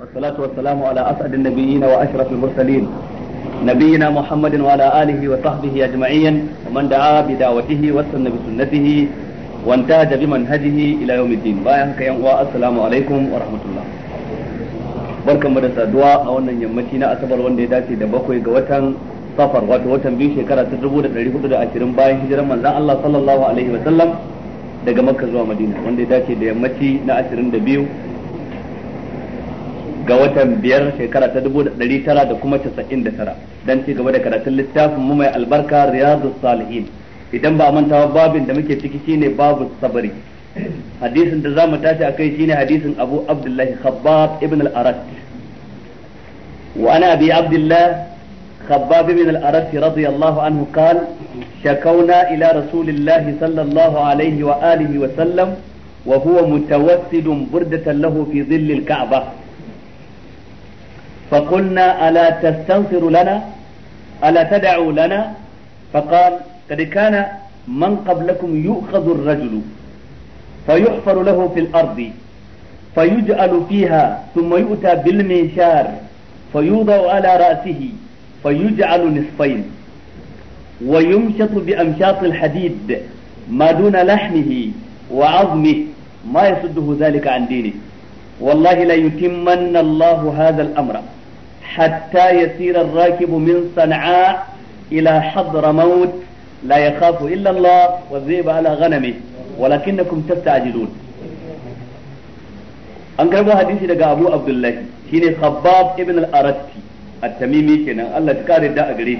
والصلاة والسلام على أسعد النبيين وأشرف المرسلين نبينا محمد وعلى آله وصحبه أجمعين ومن دعا بدعوته وسن بسنته وانتهج بمنهجه إلى يوم الدين بايعك يا السلام عليكم ورحمة الله barkan mu da saduwa a wannan yammaci na asabar wanda ya dace da bakwai ga watan safar wato watan biyu shekara ta dubu da ɗari hudu da ashirin bayan hijirar manzon Allah sallallahu alaihi wa sallam daga madina wanda ya dace da yammaci na ashirin da biyu ga watan biyar shekara ta dubu da ɗari tara da kuma casa'in da tara don ci gaba da karatun littafin mu mai albarka riyadu salihin idan ba a mantawa babin da muke ciki shine babu sabari hadisin da zamu tashi akai shine hadisin abu abdullahi khabbab ibn al-arat wa ana abi abdullah خباب بن الأرث رضي الله عنه قال شكونا ila rasulillah sallallahu صلى الله عليه وآله وسلم وهو متوسد بردة له في ظل الكعبة فقلنا ألا تستنصر لنا ألا تدعوا لنا فقال قد كان من قبلكم يؤخذ الرجل فيحفر له في الأرض فيجعل فيها ثم يؤتى بالمنشار فيوضع على رأسه فيجعل نصفين ويمشط بأمشاط الحديد ما دون لحمه وعظمه ما يصده ذلك عن دينه والله لا يتمن الله هذا الأمر حتى يسير الراكب من صنعاء إلى حضرموت لا يخاف إلا الله والذئب على غنمه ولكنكم تستعجلون an karbo hadisi daga Abu Abdullahi shine Khabbab ibn al-Aratti at-Tamimi kenan Allah ya kare a gare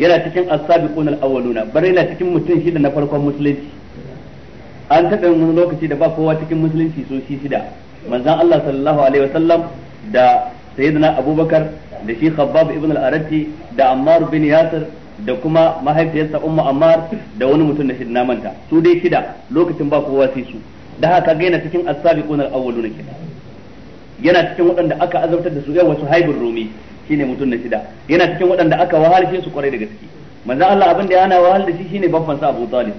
yana cikin as-sabiqun al-awwaluna bare yana cikin mutum shida na farkon musulunci an taɓa wani lokaci da ba kowa cikin musulunci so shi manzon Allah sallallahu da sayyidina abubakar da shi khabbab ibn al-arati da ammar bin yasir da kuma mahaifiyarsa ummu ammar da wani mutum da na manta su dai shida lokacin ba kowa sai su da haka ga yana cikin as-sabiqun al-awwaluna kenan yana cikin waɗanda aka azabtar da su yawa su haibur rumi shine mutum na shida yana cikin waɗanda aka wahalce su kware daga ciki manzo Allah abin da yana wahal da shi shine babban sa Abu Talib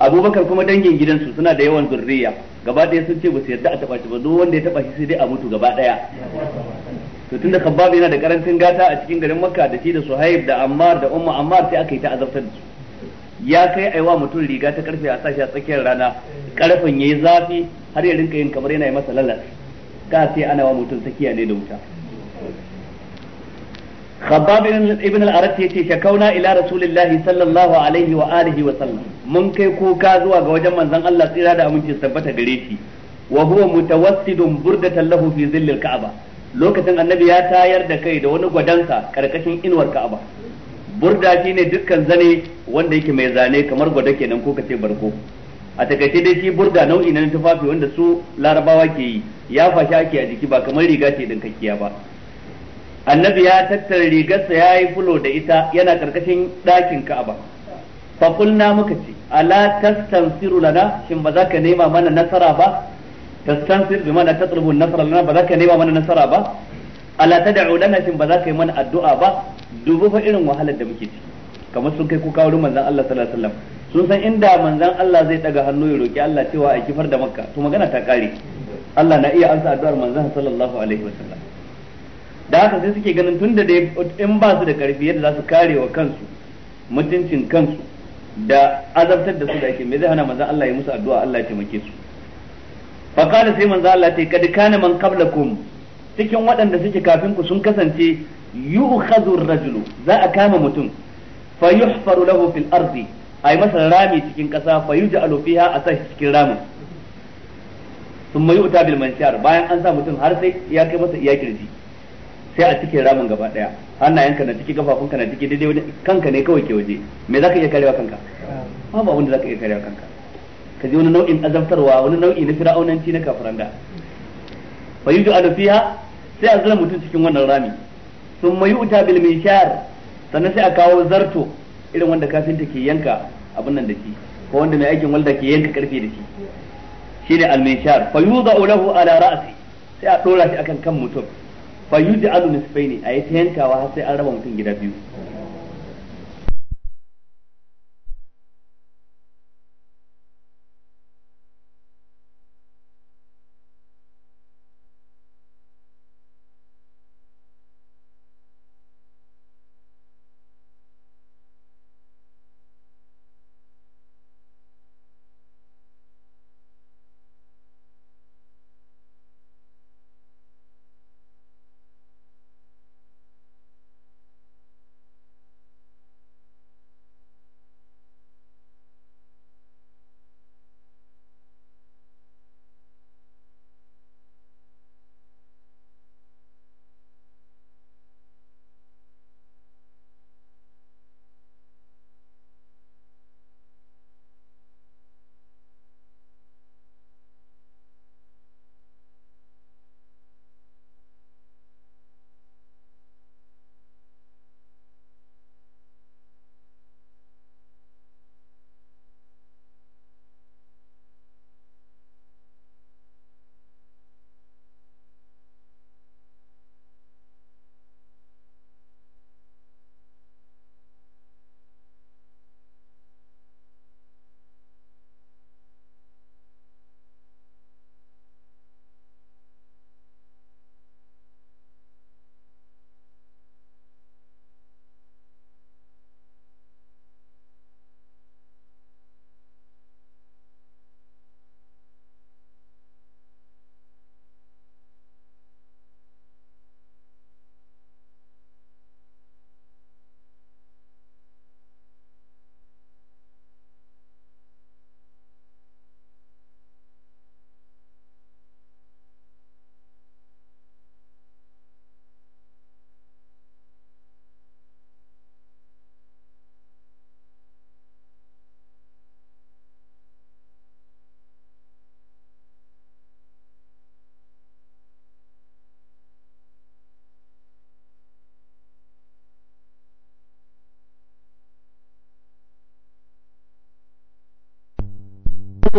abubakar kuma dangin gidansu suna da yawan zurriya gaba ɗaya sun ce ba su yarda a taɓa shi ba duk wanda ya taɓa shi sai dai a mutu gaba ɗaya to tunda khabbab yana da karancin gata a cikin garin makka da shi da suhaib da ammar da umma ammar sai aka yi ta azabtar da su ya kai aiwa mutum riga ta karfe a sashi a tsakiyar rana karfin yayi zafi har ya rinka yin kamar yana yi masa lalas ka sai ana wa mutum tsakiya ne da wuta khabbab ibn al-arat yace shakauna ila rasulillahi sallallahu alaihi wa wa sallam mun kai kuka zuwa ga wajen manzon Allah tsira da amincin tabbata gare shi wa huwa mutawassidun burdatan lahu fi zillil ka'aba lokacin annabi ya tayar da kai da wani gwadansa karkashin inuwar ka'aba burda shine dukkan zane wanda yake mai zane kamar gwada kenan ko kace barko a takaice dai shi burda nau'i na tufafi wanda su larabawa ke yi ya fashi ake a jiki ba kamar riga ce dinkakkiya ba annabi ya tattara rigarsa ya yi fulo da ita yana karkashin ɗakin ka'aba fa kulna muka ce ala tastansiru lana shin ba za ka nema mana nasara ba tastansir bi mana tatlubu nasara lana ba za ka nema mana nasara ba ala tad'u lana shin ba za ka yi mana addu'a ba dubu fa irin wahalar da muke ciki kamar sun kai kuka wurin manzon Allah sallallahu alaihi wasallam sun san inda manzon Allah zai daga hannu ya roki Allah cewa a kifar da Makka to magana ta kare Allah na iya ansa addu'ar manzon sallallahu alaihi wasallam da haka sai suke ganin tunda da in ba su da karfi yadda za su kare wa kansu mutuncin kansu da azabtar da su da ake me zai hana manzo Allah ya musu addu'a Allah ya taimake su fa qala sai manzo Allah ta kadi kana man qablakum cikin waɗanda suke kafin ku sun kasance yu'khadhu ar-rajulu za a kama mutum fa yuhfaru lahu fil ardi yi masa rami cikin ƙasa fa yuj'alu fiha a sa cikin ramin sun mai yu'ta bil manshar bayan an sa mutum har sai ya kai masa iya kirji sai a cikin ramin gaba daya hannayenka na ciki kafafunka na ciki daidai wani kanka ne kawai ke waje me zaka iya karewa kanka ba ba wanda zaka iya karewa kanka ka ji wani nau'in azabtarwa wani nau'i na fir'aunanci na kafiranda fa yuju ala fiha sai a zama mutum cikin wannan rami thumma yu'ta bil mishar sannan sai a kawo zarto irin wanda kafinta ke yanka abin nan da shi ko wanda mai aikin walda ke yanka karfe da shi shine al mishar fa yuza lahu ala ra'si sai a dora shi akan kan mutum fa alu nisfaini yi ta yankawa har sai an raba mutum gida biyu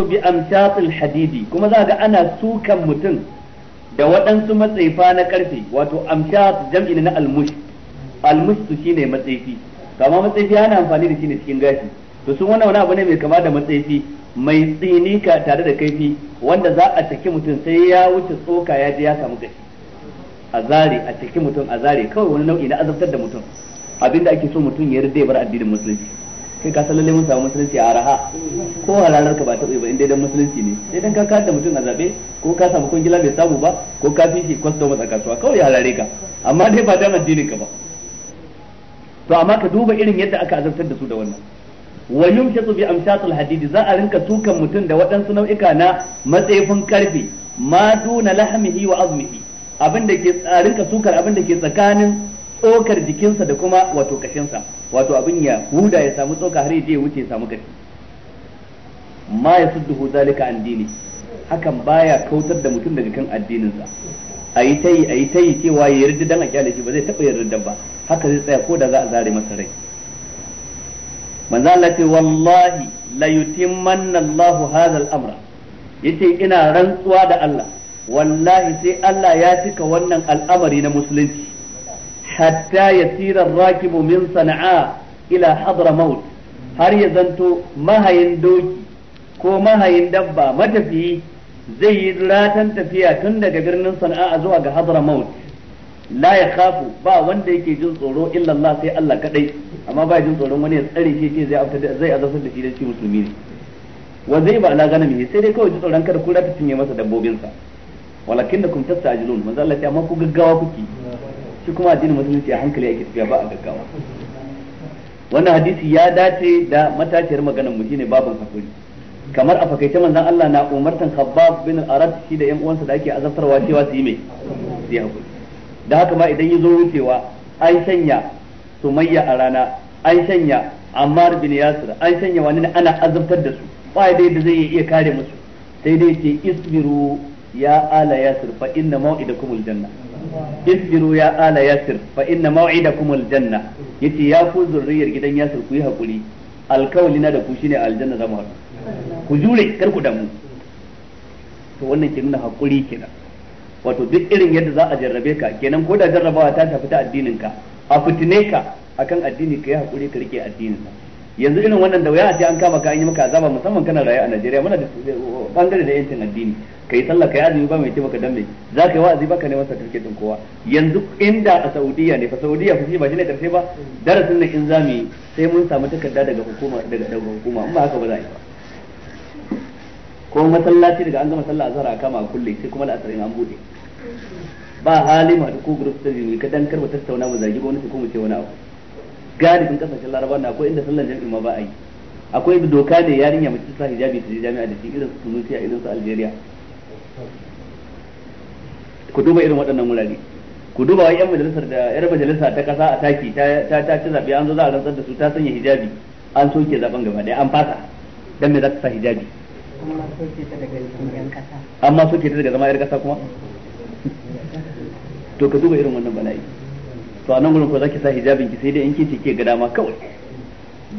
bi amsatil hadidi kuma za ga ana sukan mutum da waɗansu matsaifa na karfe wato amsat jam'i na almush almush su shine matsaifi to amma matsaifi ana amfani da shi ne cikin gashi to sun wannan wani abu ne mai kama da matsaifi mai tsinika tare da kaifi wanda za a caki mutum sai ya wuce tsoka ya je ya samu gashi a zare a caki mutum a zare kawai wani nau'i na azabtar da mutum abinda ake so mutum ya rida bar addinin musulunci kai ka san lalle mun samu musulunci a raha ko halalar ka ba ta ba inda dan musulunci ne sai dan ka kada da mutum a zabe ko ka samu kungila bai samu ba ko ka fi shi a kasuwa kawai halare ka amma dai ba dan addinin ka ba to amma ka duba irin yadda aka azabtar da su da wannan wa yumshatu bi amshatul hadid za a rinka tukan mutum da waɗansu nau'ika na matsayin karfe ma duna lahmihi wa azmihi abin da ke rinka tukar abin da ke tsakanin tsokar jikinsa da kuma wato kashinsa wato abin ya huda ya samu tsoka har ya wuce ya samu kashi ma ya sudduhu zalika an hakan baya kautar da mutum daga kan addininsa yi ta yi yi ta yi cewa ya yarda dan a kyale shi ba zai taɓa yarda ba haka zai tsaya ko da za a zare masa rai manzo Allah ce wallahi la yutimmanna Allahu hadha al-amra yace ina rantsuwa da Allah wallahi sai Allah ya cika wannan al'amari na musulunci hatta yasira rakibu min sana'a ila hadramaut har ya zanto mahayin doki ko mahayin dabba matafiyi zai yi ratan tafiya tun daga birnin sana'a zuwa ga hadramaut la ya kafu ba wanda yake jin tsoro illa Allah sai Allah kadai amma ba jin tsoron wani ya tsare shi ce zai afta zai azabtar da shi da shi musulmi ne wa zai ba ala ganami sai dai kawai ji tsoron kada kura ta cinye masa dabbobinsa walakin da kun tasta ajilun manzo Allah ya amma ku gaggawa kuke shi kuma addinin musulunci a hankali ake tafiya ba a gaggawa wannan hadisi ya dace da matashiyar maganar mu shine babin hakuri kamar a fakaice manzon Allah na umartan Khabbab bin Arad shi da ƴan uwansa da ake azabtarwa cewa su yi mai su yi hakuri da haka ma idan ya zo wucewa an sanya Sumayya a rana an sanya Ammar bin Yasir an shanya wani ne ana azabtar da su ba dai da zai iya kare musu sai dai ce isbiru ya ala yasir fa inna mau'idakumul janna isbiru ya ala yasir fa inna maw'idakum aljanna yace ya ku zurriyar gidan yasir ku yi hakuri alkawli na da ku shine aljanna zamu haɗu ku jure kar ku damu to wannan ke nuna hakuri kenan wato duk irin yadda za a jarrabe ka kenan ko da jarrabawa ta shafi ta addinin ka a fitine ka akan addini ka yi hakuri ka rike addinin ka yanzu irin wannan da wuya a ce an kama ka an yi maka azaba musamman kana raye a Najeriya muna da eh, bangare da yancin addini kai sallah kai azumi ba mai ce maka dan za ka yi wa'azi ba ka neman certificate din kowa yanzu inda a Saudiya ne fa Saudiya fa shi ba shine karshe ba darasin nan in za mu yi sai mun samu takarda daga hukuma daga daga hukuma in ba haka ba za a yi ba ko masallaci daga an gama sallah azhar a kama kulle sai kuma la'asar in an bude ba halima da ko group sai ka dan karba tattauna mu zagi gwamnati ko mu ce wani abu galibin kasashen laraba na akwai inda sallar jami'i ma ba a yi akwai doka ne yarinya mace ta hijabi ta je jami'a da shi irin su Tunisia irin su Algeria ku duba irin waɗannan wurare ku duba wai yan majalisar da yar majalisa ta kasa a taki ta ta ci zabe an zo za a rantsar da su ta sanya hijabi an soke zaben gaba ɗaya an fasa dan me za ta sa hijabi amma soke ta daga zama yar kasa kuma to ka duba irin wannan bala'i to a nan gudun ko zaki sa hijabin ki sai dai in kici ke ga dama kawai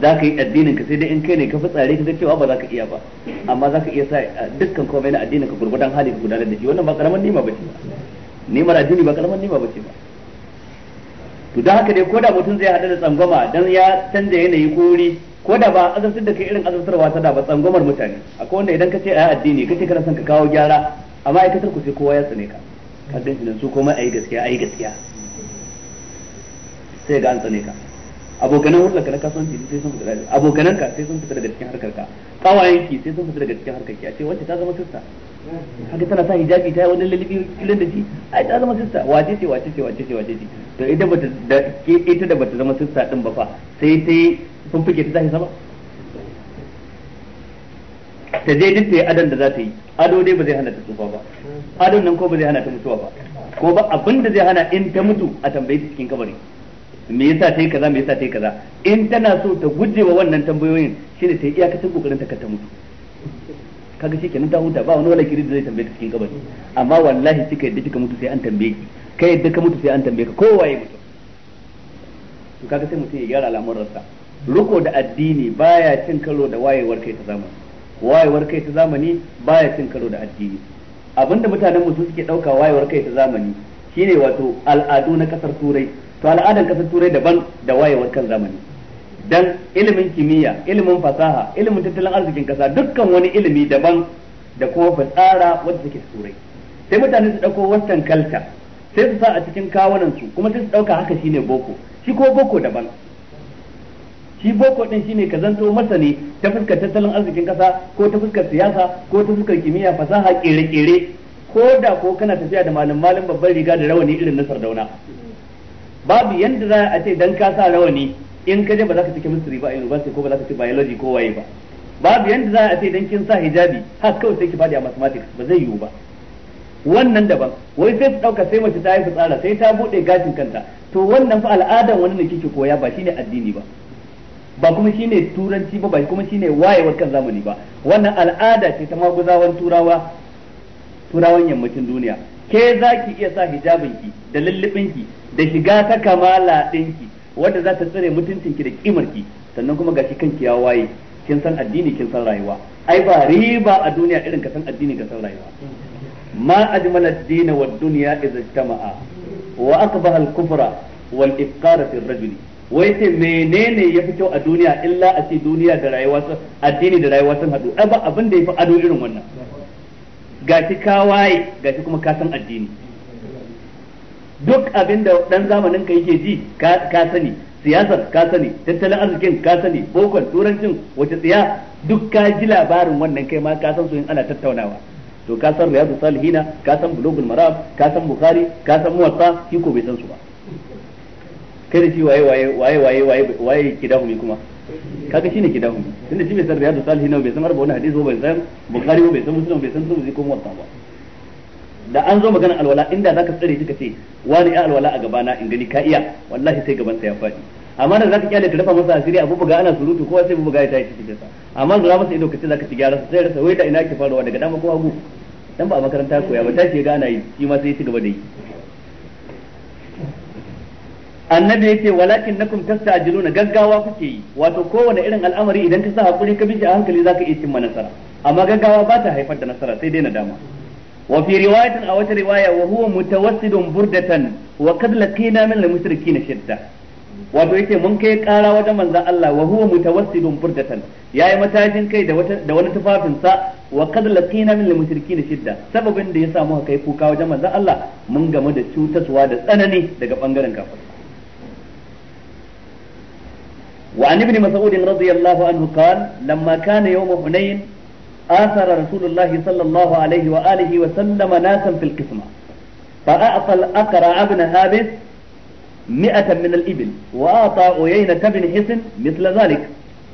za ka yi addinin ka sai dai in kai ne ka fi tsare ka cewa ba za ka iya ba amma za ka iya sa dukkan komai na addinin ka gurgudan hali ka gudanar da shi wannan ba karamar nima ce ba nimar addini ba karamar nima ce ba to da haka dai ko da mutum zai hada da tsangwama dan ya canza yanayi ko wuri ko da ba azabtar da kai irin azabtarwa ta da ba tsangwamar mutane akwai wanda idan ka ce yi addini kace kana son ka kawo gyara a ma'aikatar ku sai kowa ya tsane ka ka dan su komai ayi gaskiya ayi gaskiya sai ga an tsane ka abokanan hulɗar na kasuwanci sai sun fita abokanan ka sai sun fita daga cikin harkar ka kawayen ki sai sun fita daga cikin harkar ki a ce wacce ta zama sista haka tana sa hijabi ta yi wani lalibi kilin da shi ai ta zama sista wace ce wace ce wace ce wace ce to ita ba da ke ita da bata zama sista din ba fa sai sai sun fike ta tashi sama ta je duk ta yi adon da za ta yi ado dai ba zai hana ta tsufa ba adon nan ko ba zai hana ta mutuwa ba ko ba abinda da zai hana in ta mutu a tambayi cikin kabari me yasa ta yi kaza me yasa ta yi kaza in tana so ta guje wa wannan tambayoyin shine ta yi iyakacin kokarin ta ka ta mutu kaga shi kenan ta huta ba wani kiri da zai tambaye ta cikin kabari amma wallahi kika yadda kika mutu sai an tambaye ki kai yadda ka mutu sai an tambaye ka kowa ya mutu to kaga sai mutum ya gyara rassa riko da addini baya cin karo da wayewar kai ta zamani wayewar kai ta zamani baya cin karo da addini abinda mutanen mutum suke dauka wayewar kai ta zamani shine wato al'adu na kasar turai to al'adar kasar turai daban da wayewar kan zamani dan ilimin kimiyya ilimin fasaha ilimin tattalin arzikin kasa dukkan wani ilimi daban da kuma fasara wadda take turai sai mutane su dauko western kalta sai su sa a cikin kawunan su kuma sai su dauka haka shine boko shi ko boko daban shi boko din shine ka zanto masani ta fuskar tattalin arzikin kasa ko ta fuskar siyasa ko ta fuskar kimiyya fasaha kere-kere ko da ko kana tafiya da malam malam babban riga da rawani irin na sardauna babu yanda za a ce dan ka sa rawani in ka je ba za ka ba a university ko ba za ka ci biology ko waye ba babu yanda za a ce dan kin sa hijabi har kawai sai ki fadi a mathematics ba zai yiwu ba wannan daban wai sai su dauka sai mace ta yi tsara sai ta bude gashin kanta to wannan fa al'adan wani ne kike koya ba shine addini ba ba kuma shine turanci ba ba kuma shine wayewar kan zamani ba wannan al'ada ce ta maguzawan turawa turawan yammacin duniya ke za ki iya sa hijabinki da lullubinki da shiga ta kamala ɗinki wanda za ta tsare mutuncinki da kimarki sannan kuma gashi kanki ya waye kin san addini kin san rayuwa ai ba riba a duniya irin ka san addini ka san rayuwa ma ajmal ad-din wa ad-dunya idza ijtama'a wa aqbah al-kufra wal ifqara fi ar-rajuli wai ce menene yafi kyau a duniya illa a ce duniya da rayuwa sun addini da rayuwa sun hadu ai ba abin da yafi ado irin wannan gashi ka waye gashi kuma ka san addini duk abin da dan zamanin ka yake ji ka sani siyasar ka sani tattalin arzikin ka sani bokon turancin wace tsiya duk ka ji labarin wannan kai ma ka san su in ana tattaunawa to ka san riyadu salihina ka san bulugul marab ka san bukhari ka san muwatta shi ko bai san su ba kai da shi waye waye waye waye waye waye kidahumi kuma kaga shine kidahumi tunda shi bai san riyadu salihina bai san arba wani hadisi ba bai san bukhari ba bai san muslim bai san tirmidhi ko muwatta ba da an zo maganar alwala inda zaka tsare shi ka ce wani ya alwala a gabana in gani ka iya wallahi sai gaban ya faɗi amma da zaka kyale ka dafa masa asiri abu buga ana surutu kowa sai buga ya tashi cikin sa amma zura masa ido kace zaka ci gyara sai rasa wai da ina ke faruwa daga dama ko hagu dan ba a makaranta koya ba tashi ya ga ana yi shi ma sai ya ci gaba da yi annabi ya ce walakin nakum tasta'jiluna gaggawa kuke yi wato kowane irin al'amari idan ka sa hakuri ka bi shi a hankali zaka iya cimma nasara amma gaggawa ba ta haifar da nasara sai dai nadama dama wa fi riwayatin a wata riwaya wa huwa mutawassidun burdatan wa kad laqina min al-mushrikin shidda wato yake mun kai kara wajen manzon Allah wa huwa mutawassidun burdatan yayi matajin kai da wata da wani tufafin sa wa kad laqina min al-mushrikin shidda sababin da ya samu kai kuka wajen manzon Allah mun game da cutaswa da tsanani daga bangaren kafirai وعن ابن مسعود رضي الله عنه قال لما كان يوم آثر رسول الله صلى الله عليه وآله وسلم ناسا في القسمة فأعطى الأقرع بن هابس مئة من الإبل وأعطى عيينة بن حسن مثل ذلك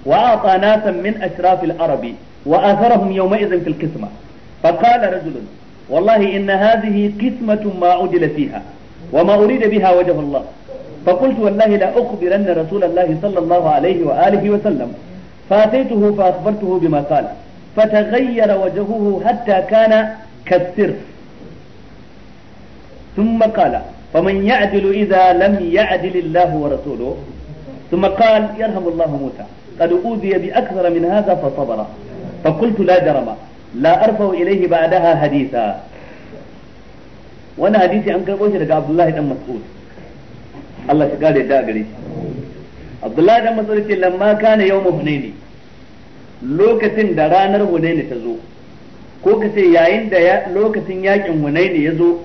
وأعطى ناسا من أشراف العرب وآثرهم يومئذ في القسمة فقال رجل والله إن هذه قسمة ما عدل فيها وما أريد بها وجه الله فقلت والله لا أخبرن رسول الله صلى الله عليه وآله وسلم فأتيته فأخبرته بما قال فتغير وجهه حتى كان كالسر ثم قال فمن يعدل إذا لم يعدل الله ورسوله ثم قال يرحم الله موسى قد أوذي بأكثر من هذا فصبر فقلت لا جرم لا أرفع إليه بعدها حديثا وانا حديثي أنكر بوشي عبد الله بن مسعود الله شكال يدعى قريش عبد الله بن مسعود لما كان يوم هنيني lokacin da ranar hunaini ta zo ko ka ce yayin da lokacin yakin hunaini ya zo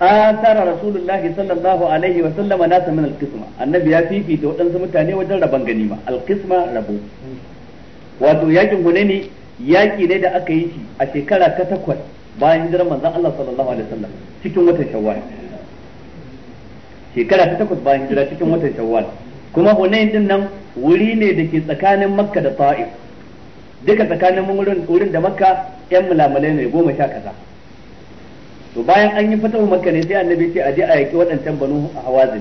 asara rasulullahi sallallahu alaihi wa sallama nasa min alqisma annabi ya fifita waɗansu mutane wajen raban ganima alqisma rabo wato yakin hunaini yaki ne da aka yi shi a shekara ta takwas bayan hijirar manzon Allah sallallahu alaihi wasallam cikin watan shawwal shekara ta takwas bayan hijira cikin watan shawwal kuma hunain din nan wuri ne da ke tsakanin makka da ta'if duka tsakanin wurin wurin da makka yan mulamalai ne goma sha kaza to bayan an yi fatan makka ne sai annabi ce a je a yaki waɗancan banu hawazin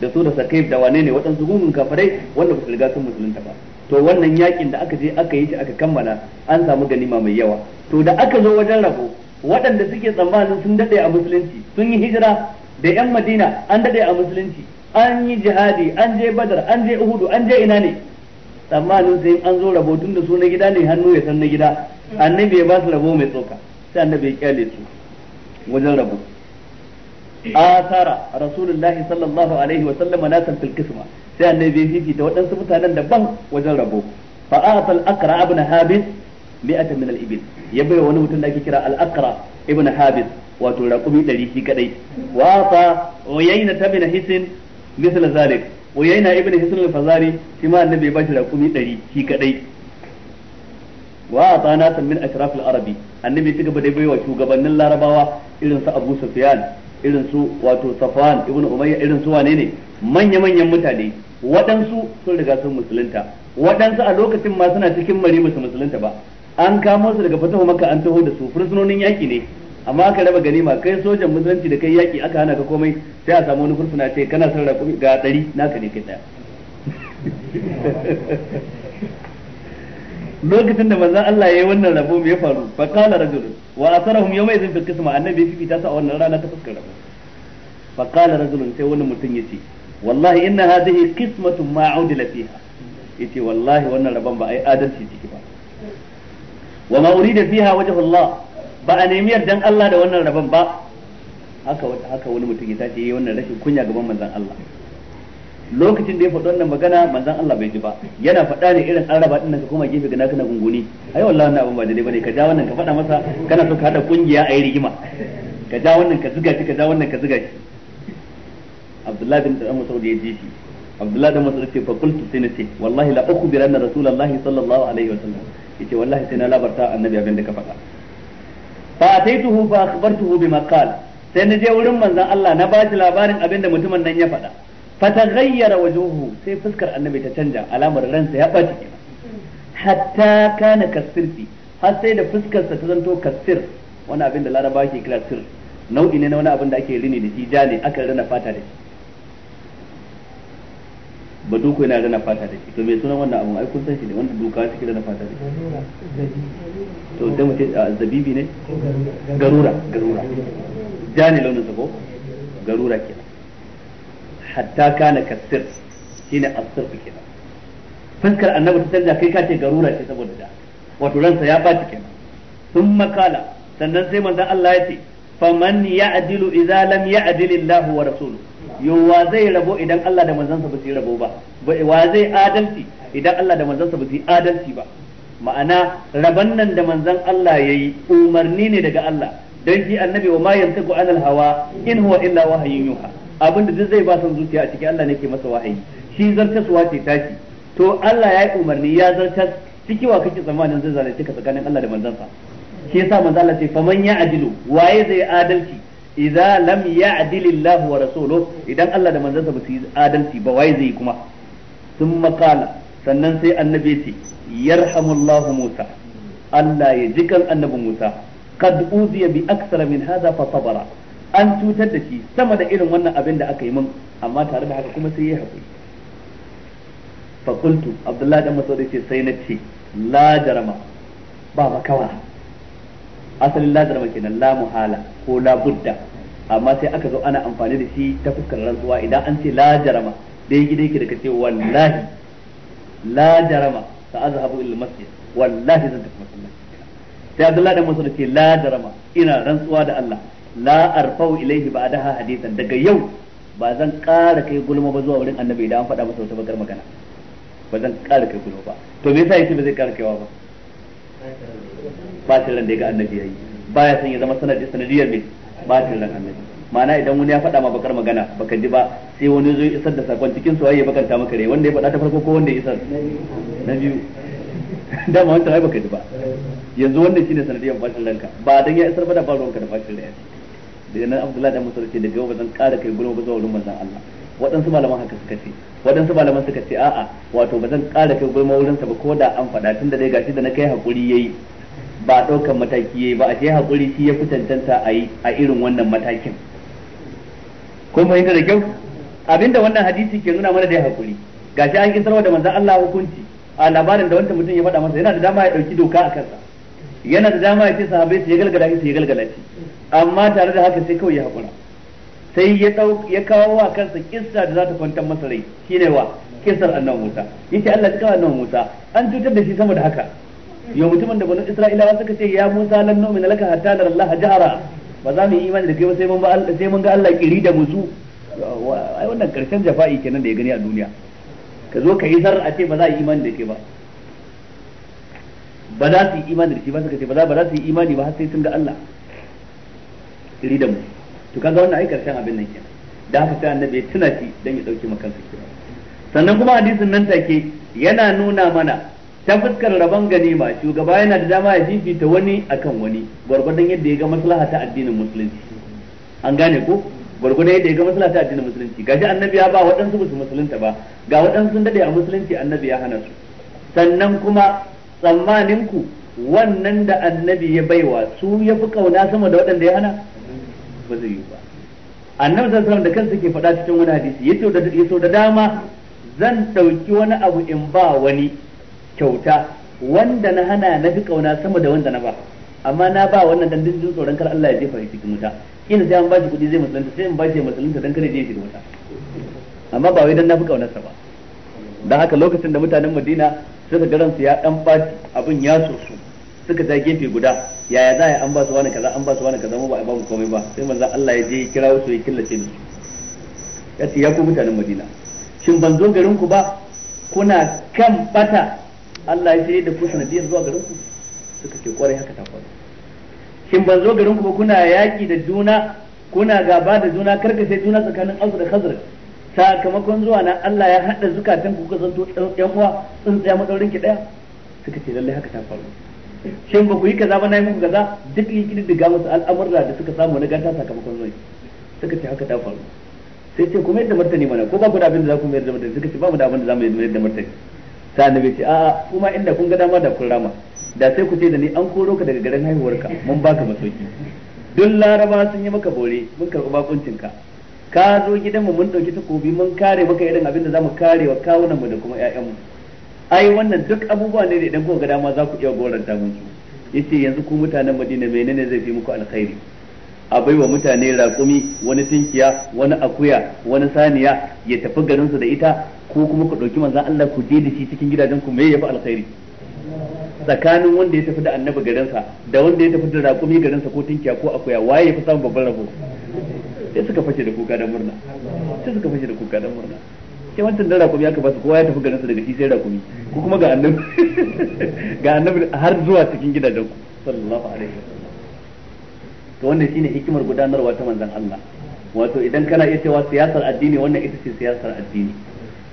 da su da sakaif da wane ne waɗansu gungun kafirai wanda ba su riga sun musulunta ba to wannan yakin da aka je aka yi shi aka kammala an samu ganima mai yawa to da aka zo wajen rabo waɗanda suke tsammanin sun daɗe a musulunci sun yi hijira da yan madina an daɗe a musulunci an yi jihadi an je badar an je uhudu an je ina ne tsammanin sai an zo rabo tun da su na gida ne hannu ya san na gida annabi ya ba su rabo mai tsoka sai annabi ya kyale su wajen rabo asara rasulullahi sallallahu alaihi wa sallama nasan fil qisma sai annabi ya fifita waɗansu mutanen daban wajen rabo fa atal aqra ibn habis mi'atan min al-ibil ya bai wani mutum da ake kira al-aqra ibn habis wato raqumi 100 shi kadai wa fa uyayna tabina hisin misal zalik na ibn hisn al-fazari shi ma annabi ba bashi rakumi 100 shi kadai wa atana min ashraf al-arabi annabi ya cigaba da baiwa shugabannin larabawa irin su abu sufyan irin su wato safwan ibn umayya irin su wane ne manya manyan mutane waɗansu sun riga sun musulunta waɗansu a lokacin ma suna cikin mari musulunta ba an kamo su daga fatahu maka an taho da su fursunonin yaki ne amma aka raba ganima kai sojan musulunci da kai yaki aka hana ka komai sai a samu wani fursuna ce kana son raƙumi ga ɗari naka ne kai ɗaya lokacin da manzon Allah ya yi wannan rabo me ya faru fa qala rajul wa asarahum yawma idhin fil qisma annabi fifi ta sa wannan rana ta fuskar rabo fa qala rajul sai wani mutum yace wallahi inna hadhihi qismatun ma udila fiha yace wallahi wannan rabon ba ai adalci ciki ba wa ma urida fiha wajhu Allah ba a nemi yardan Allah da wannan rabon ba haka wata haka wani mutum ya tashi yayi wannan rashin kunya gaban manzon Allah lokacin da ya faɗi wannan magana manzon Allah bai ji ba yana faɗa ne irin an raba nan ka koma gefe ga naka na gunguni ai wallahi wannan abin ba dai bane ka ja wannan ka faɗa masa kana so ka hada kungiya yi rigima ka ja wannan ka zuga shi ka ja wannan ka zuga shi Abdullahi bin Umar Saudi ya ji shi Abdullahi bin Mas'ud ce fa qultu sai nace wallahi la ukhbiranna rasulullahi sallallahu alaihi wasallam yace wallahi sai na labarta annabi abin da ka faɗa fa ataituhu fa akhbartuhu bima qala sai na je wurin manzon Allah na bashi labarin abin da mutumin nan ya faɗa fa taghayyara wajuhu sai fuskar annabi ta canja alamar ransa ya bace kenan hatta kana kasirfi har sai da fuskar sa ta zanto kasir wani abin da laraba ke kira sir nau'i ne na wani abin da ake rini da shi ja ne aka rina fata da shi ba duku yana rina fata da shi to me sunan wannan abun ai kun san shi ne wanda duka suke rina fata da shi to da mutum a zabibi ne garura garura jani launin sa ko garura ke hatta kana kasir shine ke nan fuskar annabi ta canja kai ka ce garura ce saboda da wato ransa ya baci ke sun makala sannan sai manzon Allah ya ce faman ya'dilu idza lam ya'dil Allah wa rasuluhu yo wa zai rabo idan Allah da manzansa ba su yi rabo ba wa zai adalci idan Allah da manzansa ba su yi adalci ba ma'ana raban nan da manzon Allah yayi umarni ne daga Allah don shi annabi wa ma yantaku anil hawa in huwa illa wahayin yuha abinda duk zai ba son zuciya a cikin Allah ne ke masa wahayi shi zartaswa ce tashi to Allah ya yi umarni ya zartas ciki wa kake tsammanin zai zalunce ka tsakanin Allah da manzansa shi yasa manzo Allah ce faman ya ya'dilu waye zai adalci idza lam ya'dil Allah wa rasuluhu idan Allah da manzansa ba su yi adalci ba waye zai kuma sun makala sannan sai annabi ce yarhamullahu Musa Allah ya ji kan annabi Musa kad uziya bi aksara min hadha fa sabara an cutar da shi sama da irin wannan abin da aka yi min amma tare da haka kuma sai ya haƙuri fa qultu Abdullahi dan Mas'ud ce sai na ce la jarama ba makawa asalin la jarama kenan la muhala ko la budda amma sai aka zo ana amfani da shi ta fuskar rantsuwa idan an ce la jarama dai gidai ki daga ce wallahi la jarama sa azhabu ila masjid wallahi zan tafi masallaci sai Abdullahi dan Mas'ud ce la jarama ina rantsuwa da Allah la arfau ilaihi ba'daha hadithan daga yau ba zan ƙara kai gulma ba zuwa wurin annabi idan an faɗa masa wata bakar magana ba zan ƙara kai gulma ba to me yasa yace ba zai ƙara kaiwa ba ba tiran da ya ga annabi yayi baya son ya zama sanadi sanadiyar ne ba tiran annabi ma'ana idan wani ya faɗa ma bakar magana baka ji ba sai wani zo isar da sakon cikin su ya bakanta maka rai wanda ya faɗa ta farko ko wanda ya isar na biyu dama wancan ai baka ji ba yanzu wannan shine sanadiyar bashin ranka ba dan ya isar ba da ba ruwanka da bashin rai daga nan Abdullahi dan Musa ce daga yau ba zan ƙara kai gulma ba zuwa wurin manzon Allah waɗansu malaman haka suka ce waɗansu malaman suka ce a'a wato ba zan ƙara kai wurin sa ba ko da an faɗa tun da dai gashi da na kai hakuri yayi ba ɗaukan mataki yayi ba a je hakuri shi ya fi cancanta a irin wannan matakin ko fahimta da kyau abinda wannan hadisi ke nuna mana da hakuri gashi an kisarwa da manzon Allah hukunci a labarin da wanda mutum ya faɗa masa yana da dama ya ɗauki doka a kansa yana da dama ya ce sahabai su ya galgala shi su ya galgala shi amma tare da haka sai kawai ya hakura sai ya ya kawo wa kansa kissa da za ta kwantar masa rai shine wa kissar annabi Musa yace Allah ya kawo annabi Musa an cutar da shi sama da haka yau mutumin da banu Isra'ilawa suka ce ya Musa lan min laka hatta nara Allah jahara ba za mu yi imani da kai ba sai mun ba sai mun ga Allah kiri da musu ai wannan karshen jafa'i kenan da ya gani a duniya ka zo ka yi zar a ce ba za a yi imani da kai ba ba za su yi imani da shi ba suka ce ba za ba za su yi imani ba har sai sun ga Allah kiri da musu to kaga wannan ai karshen abin nan kenan da haka sai annabi ya tuna shi dan ya dauke maka kansa sannan kuma hadisin nan take yana nuna mana ta fuskar rabon ganima shugaba yana da dama ya fifita wani akan wani gwargwadon yadda ya ga maslaha ta addinin musulunci an gane ko gwargwadon yadda ya ga maslaha ta addinin musulunci gashi annabi ya ba waɗansu musu musulunta ba ga waɗansu sun dade a musulunci annabi ya hana su sannan kuma tsammanin ku wannan da annabi ya baiwa su ya fi kauna sama da waɗanda ya hana ba zai yi ba annabi sallallahu alaihi da kansa ke faɗa cikin wani hadisi yace da yaso da dama zan ɗauki wani abu in ba wani kyauta wanda na hana na fi kauna sama da wanda na ba amma na ba wannan dan dindin tsoron kar Allah ya jefa shi cikin wuta kina sai an ba shi kuɗi zai musulunta sai in ba shi musulunta dan kare jefa shi wuta amma ba wai dan na fi kaunarsa ba dan haka lokacin da mutanen Madina suka ga ransu ya dan faci abin ya soso suka ta gefe guda yaya za a yi an ba su wani kaza an ba su wani kaza mu ba a ba mu komai ba sai manzo Allah ya je ya kira su ya killace su ya ce ya ku mutanen Madina shin ban zo garin ku ba kuna kan bata Allah ya shirye da ku sanadiyar zuwa garin ku suka ce kwarai haka ta faru shin ban zo garin ku ba kuna yaki da juna kuna gaba da juna sai juna tsakanin Aus da Khazraj sakamakon zuwa na Allah ya hada zukatan ku to ɗan uwa tsaya madaurin ki daya suka ce lallai haka ta faru shin ba ku yi kaza ba na yi muku kaza duk yi diga musu al'amurra da suka samu na gata sakamakon zuwa suka ce haka ta faru sai ce kuma yadda martani mana ko ba ku da abin da za ku mayar da martani suka ce ba mu da abin da za mu yadda da martani Sani annabi ce a'a kuma inda kun ga dama da kun rama da sai ku ce da ni an koro ka daga garin haihuwarka mun baka masauki duk laraba sun yi maka bore mun karɓi bakuncin ka ka zo gidan mu mun ɗauki takobi mun kare maka irin abin da za mu kare wa mu da kuma mu ai wannan duk abubuwa ne da idan kuka ga dama za ku iya goranta mun su yace yanzu ku mutanen Madina menene zai fi muku alkhairi a bai wa mutane raƙumi wani tinkiya wani akuya wani saniya ya tafi garinsu da ita ko kuma ku ɗauki manzan Allah ku je da shi cikin gidajen ku me yafi alkhairi tsakanin wanda ya tafi da annabi garinsa da wanda ya tafi da raƙumi garinsa ko tinkiya ko akuya waye ya fi samun babban rabo sai suka fashe da kuka da murna sai suka fashe da kuka da murna sai wancan da raƙumi aka basu kowa ya tafi garinsa daga shi sai raƙumi ko kuma ga annabi ga annabi har zuwa cikin gidajen ku sallallahu alaihi to wannan shine hikimar gudanarwa ta manzan Allah wato idan kana iya cewa siyasar addini wannan ita ce siyasar addini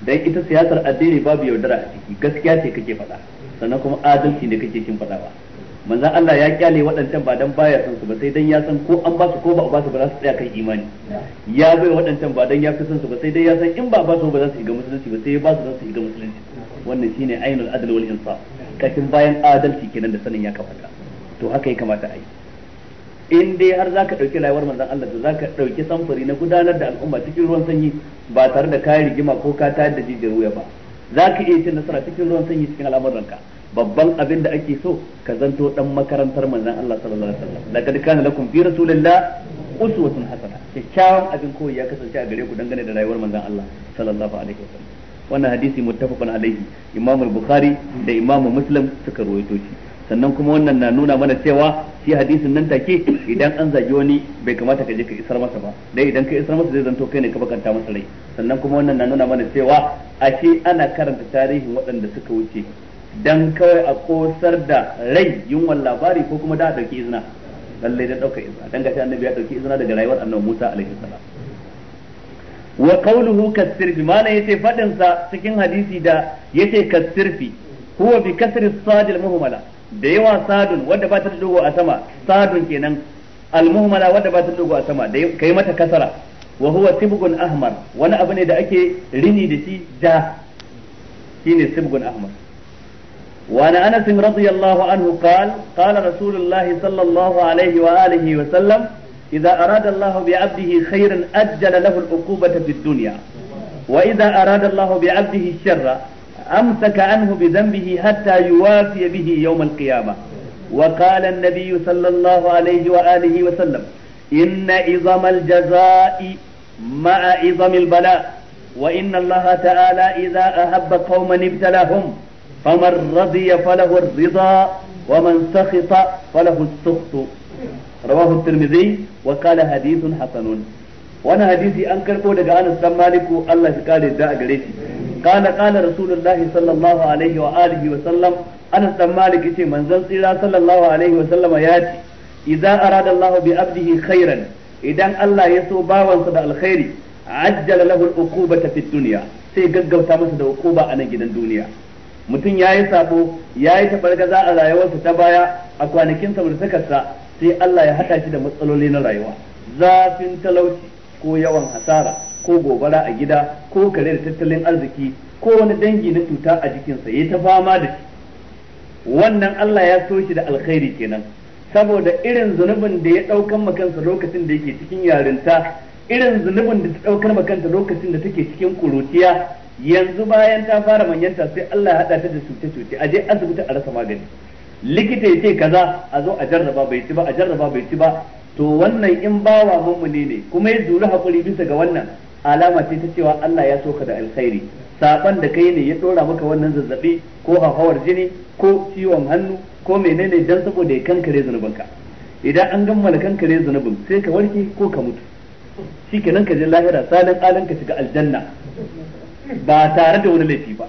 dan ita siyasar addini babu yaudara a ciki gaskiya ce kake faɗa sannan kuma adalci ne kake kin faɗa ba manzon Allah ya kyale waɗancan ba dan baya san su ba sai dan ya san ko an ba su ko ba ba su ba za su tsaya kan imani ya bai waɗancan ba dan ya fi san su ba sai dan ya san in ba ba su ba za su shiga musulunci ba sai ya ba su za su shiga musulunci wannan shine ainul adl wal insaf kafin bayan adalci kenan da sanin ya kamata to haka ya kamata a yi in dai har zaka dauki rayuwar manzon Allah to zaka dauki samfuri na gudanar da al'umma cikin ruwan sanyi ba tare da kayan rigima ko ka tayar da jijiyar wuya ba zaka iya cin nasara cikin ruwan sanyi cikin ka babban abin da ake so ka zanto dan makarantar manzon Allah sallallahu alaihi wasallam laqad kana lakum fi rasulillah uswatun hasana kyakkyawan abin koyi ya kasance a gare ku dangane da rayuwar manzon Allah sallallahu alaihi wasallam wannan hadisi muttafaqun alaihi imamu bukhari da imamu muslim suka ruwaito shi sannan kuma wannan na nuna mana cewa shi hadisin nan take idan an zagi wani bai kamata ka je ka isar masa ba dai idan ka isar masa zai zanto kai ne ka bakanta masa rai sannan kuma wannan na nuna mana cewa ashe ana karanta tarihin waɗanda suka wuce dan kawai a kosar da rai yunwan labari ko kuma da a ɗauki izina lallai da ɗaukar izina dan gashi annabi ya ɗauki izina daga rayuwar annabi Musa alaihi salam wa qawluhu kasirfi mana yace fadin sa cikin hadisi da yace kasirfi huwa bi kasri sadil muhmala da yawa sadun wadda ba ta dogo a sama sadun kenan almuhmala wadda ba ta da dogo a sama da kai mata kasara wa huwa sibgun ahmar wani abu ne da ake rini da shi ja shine sibgun ahmar وعن انس رضي الله عنه قال قال رسول الله صلى الله عليه واله وسلم اذا اراد الله بعبده خيرا اجل له العقوبه wa الدنيا arada اراد الله بعبده الشر أمسك عنه بذنبه حتى يوافي به يوم القيامة وقال النبي صلى الله عليه وآله وسلم إن عظم الجزاء مع عظم البلاء وإن الله تعالى إذا أحب قوما ابتلاهم فمن رضي فله الرضا ومن سخط فله السخط رواه الترمذي وقال حديث حسن وانا حديثي انكر قول انس بن مالك الله يقال ده قال قال رسول الله صلى الله عليه وآله وسلم أنس بن مالك يتي من زنسيرا صلى الله عليه وسلم ياتي إذا أراد الله بعبده خيرا إذا الله يسو باوا صدى الخير عجل له العقوبة في الدنيا sai gaggauta masa da hukuma a nan gidan duniya mutum ya yi sabo ya yi tabargaza a rayuwarsa ta baya a kwanakin samartakarsa sai Allah ya haɗa shi da matsaloli na rayuwa zafin talauci ko yawan hasara ko gobara a gida ko kare da tattalin arziki ko wani dangi na cuta a jikinsa ya ta fama da shi wannan Allah ya so shi da alkhairi kenan saboda irin zunubin da ya daukan makansa lokacin da yake cikin yarinta irin zunubin da ta daukar makanta lokacin da take cikin kuruciya yanzu bayan ta fara manyanta sai Allah ya hada ta da cuce-cuce a je asibiti a rasa magani likita ya ce kaza a zo a jarraba bai ci ba a jarraba bai ci ba to wannan in bawa mummune ne kuma ya zuri hakuri bisa ga wannan alama ce ta cewa Allah ya soka da alkhairi saban da kai ne ya dora maka wannan zazzabi ko hawar jini ko ciwon hannu ko menene dan saboda ya kankare ka idan an gammala kankare zunubin sai ka warke ko ka mutu shikenan ka je lahira salan alan ka shiga aljanna ba tare da wani laifi ba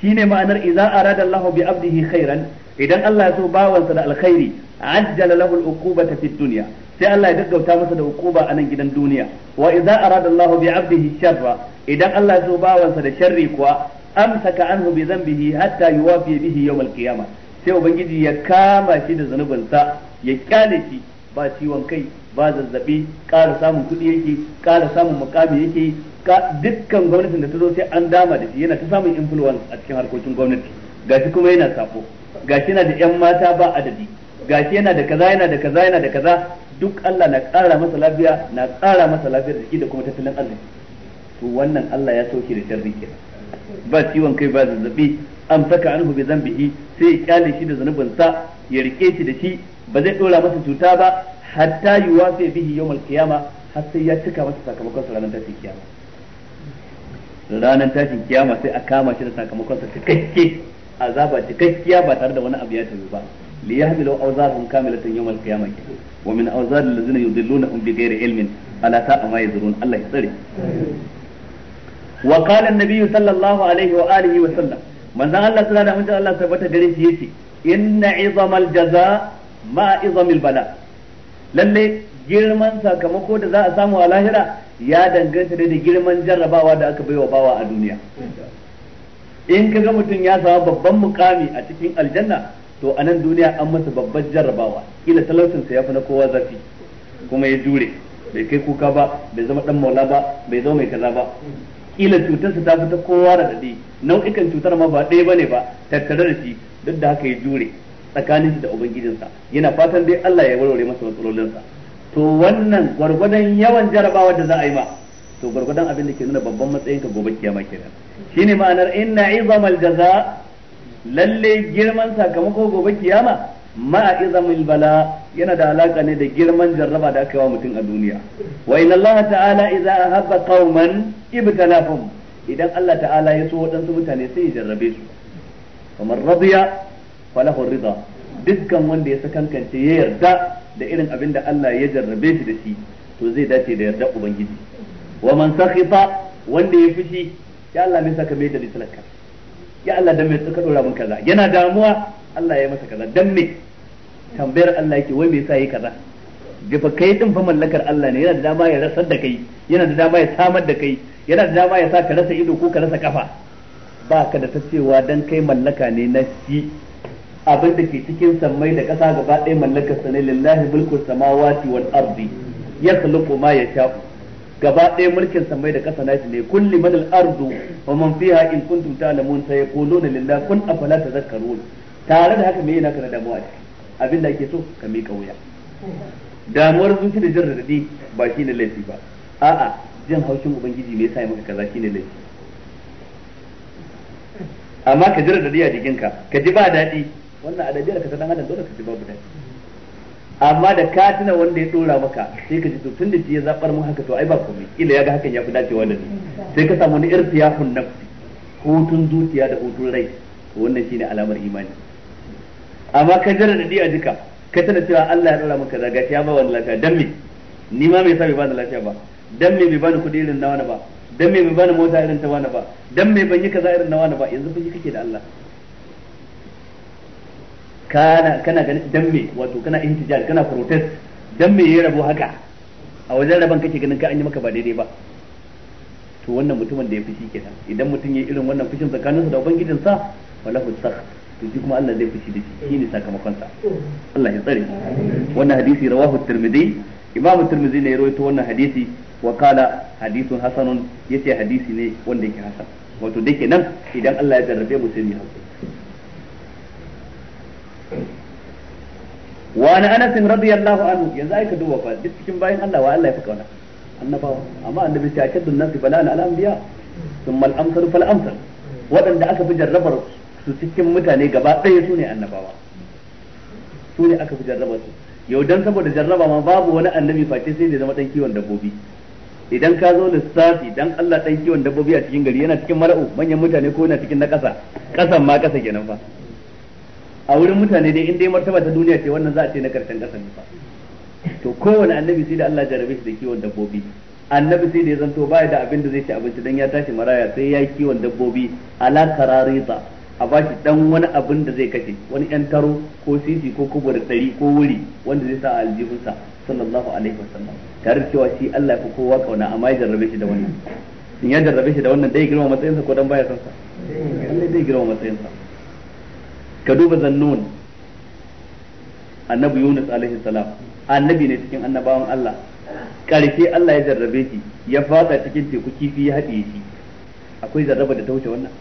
shine ma'anar idza arada Allahu bi abdihi khairan idan Allah ya so bawansa da alkhairi ajjala lahu ba ta fid dunya sai Allah ya gaggauta masa da hukuba a nan gidan duniya wa idza arada Allah bi 'abdihi sharra idan Allah ya so bawansa da sharri kuwa amsaka anhu bi dhanbihi hatta yuwafi bihi yawm al-qiyamah sai ubangiji ya kama shi da zanubansa ya kyale shi ba ciwon kai ba zazzabi ƙara samun kuɗi yake ƙara samun makami yake dukkan gwamnatin da ta zo sai an dama da shi yana ta samun influence a cikin harkokin gwamnati gashi kuma yana sako gashi yana da yan mata ba adadi gashi yana da kaza yana da kaza yana da kaza duk Allah na ƙara masa lafiya na ƙara masa lafiyar jiki da kuma tattalin arziki to wannan Allah ya sauke da sharri kenan ba ciwon kai ba zazzabi An saka anhu bi zambihi sai ya kyale shi da zanubin sa ya rike shi da shi ba zai dora masa cuta ba hatta yuwafi bihi yawmal qiyama har sai ya cika masa sakamakon ranar tashin kiyama ranar tashin kiyama sai a kama shi da sakamakon sa cikakke azaba cikakkiya ba tare da wani abu ya tafi ba ليحملوا أوزارهم كاملة يوم القيامة ومن أوزار الذين يضلونهم بغير علم ألا ساء ما يزرون الله يسره وقال النبي صلى الله عليه وآله وسلم من ذا الله سبحانه وتعالى الله ثبت غريس يتي إن عظم الجزاء ما عظم البلاء للي girman sakamako da za a samu a lahira ya danganta da girman jarrabawa da aka baiwa bawa a duniya in kaga mutum ya samu babban mukami a cikin aljanna to a nan duniya an masa babbar jarrabawa kila talaucinsa ya fi na kowa zafi kuma ya jure bai kai kuka ba bai zama dan maula ba bai zama mai kaza ba kila cutarsa ta fi ta kowa da dadi nau'ikan cutar ma ba ɗaya bane ba tattare da shi duk da haka ya jure tsakanin shi da ubangijinsa yana fatan dai Allah ya warware masa matsalolinsa to wannan gwargwadon yawan jarabawa da za a yi ma to gwargwadon abin da ke nuna babban matsayin ka gobe kiyama kenan shine ma'anar inna izamal jaza lalle girman sakamako gobe kiyama ma bala yana da alaka ne da girman jarraba da aka yi wa mutum a duniya wa inna ta'ala idza ahabba qauman ibtalahum idan Allah ta'ala ya so wadansu mutane sai ya jarrabe su kamar radiya falahu rida dukkan wanda ya sakankance ya yarda da irin abin da Allah ya jarrabe shi da shi to zai dace da yarda ubangiji wa man sakhita wanda ya fushi ya Allah saka mai da talaka ya Allah dan me suka dora min kaza yana damuwa Allah ya masa kaza dan me tambayar Allah yake wai me yasa yi kaza jefa kai din fa mallakar Allah ne yana da dama ya rasar da kai yana da dama ya samar da kai yana da dama ya sa ka rasa ido ko ka rasa kafa ba ka da ta cewa dan kai mallaka ne na shi abin da ke cikin sammai da ƙasa gaba ɗaya mallakar sa ne lillahi mulku samawati wal ardi yakhluqu ma yasha'u gaba ɗaya mulkin samai da ƙasa nashi ne kulli man al-ardu wa man fiha in kuntum ta'lamun yaquluna lillahi kun afala tadhakkarun tare da haka me yana kana damuwa ce abin da ake so ka mika wuya damuwar zuci da jin radadi ba shine laifi ba a'a jin haushin ubangiji me yasa ya maka kaza shine laifi amma ka jira dadi a jikinka ka ji ba daɗi wannan adabiyar ka ta dan adam dole ka ji babu daɗi amma da ka tuna wanda ya dora maka sai ka ji to tun da ji ya zabar mun haka to ai ba komai kila ya ga hakan ya fi dacewa da ni sai ka samu ni irtiyahun nafsi hutun zuciya da hutun rai to wannan shine alamar imani amma ka jira da a jika ka tana cewa Allah ya dora maka zaga ya ba wani lafiya dan me ni ma me yasa bai bani lafiya ba dan me bai bani kudi irin na wani ba dan me bai bani mota irin ta wani ba dan me ban yi kaza irin na wani ba yanzu fa kake da Allah kana kana ganin dan me wato kana intijar kana protest dan me yayi rabo haka a wajen raban kake ganin ka an yi maka ba daidai ba to wannan mutumin da ya fushi kenan idan mutum ya irin wannan fushin tsakaninsa da ubangijin sa walahu sakh to shi kuma Allah zai fushi da shi shine sakamakon sa Allah ya tsare wannan hadisi rawahu tirmidhi imam tirmidhi ne ya rawaito wannan hadisi wa qala hadithun hasanun yace hadisi ne wanda yake hasan wato dake nan idan Allah ya jarrabe mu sai mu hakuri wa anasin radiyar radiyallahu anhu yanzu ai ka duba fa duk cikin bayan Allah wa Allah ya fi kauna annabawa amma annabi ta kaddu nasi bala al anbiya thumma al amsal fal amsal waɗanda aka fi jarrabar su cikin mutane gaba ɗaya su ne annabawa su ne aka fi jarrabar su yau dan saboda jarraba ma babu wani annabi face sai ne zama dan kiwon dabbobi idan ka zo lissafi dan Allah dan kiwon dabbobi a cikin gari yana cikin mara'u manyan mutane ko yana cikin na ƙasa ƙasan ma ƙasa kenan fa a wurin mutane dai in dai martaba ta duniya ce wannan za a ce na karshen kasan nufa to kowane annabi sai da Allah jarabe shi da kiwon dabbobi annabi sai da ya zanto baya da abin da zai ci abinci dan ya tashi maraya sai ya kiwon dabbobi ala karariza a ba shi dan wani abin da zai kashe wani yan taro ko sisi ko kubo da dari ko wuri wanda zai sa a aljihunsa sallallahu alaihi wasallam tare da cewa shi Allah ya fi kowa kauna amma ya jarrabe shi da wannan in ya jarrabe shi da wannan dai girma matsayinsa ko dan baya son sa dai girma matsayinsa ka duba zannun annabi Yunus alaihi salam annabi ne cikin annabawan Allah karshe Allah ya jarrabe shi ya fada cikin teku kifi ya haɗiye shi akwai jarraba da ta wuce wannan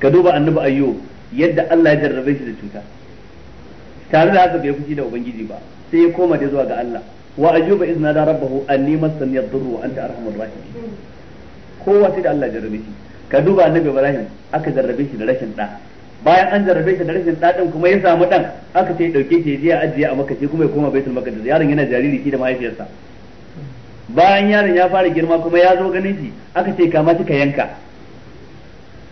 ka duba annabi ayyo yadda Allah ya jarrabe shi da cuta tare da haka bai fushi da ubangiji ba sai ya koma da zuwa ga Allah wa ajuba izna da rabbahu anni massani yadurru wa anta arhamur rahimin kowa sai da Allah jarrabe shi ka duba annabi Ibrahim aka jarrabe shi da rashin da bayan an jarrabe shi da rashin daɗin kuma ya samu ɗan, aka ce ɗauke shi je a ajiye a makashi shi kuma ya koma baitul maqdis yaron yana jariri shi da mahaifiyarsa bayan yaron ya fara girma kuma ya zo ganin shi aka ce kama shi ka yanka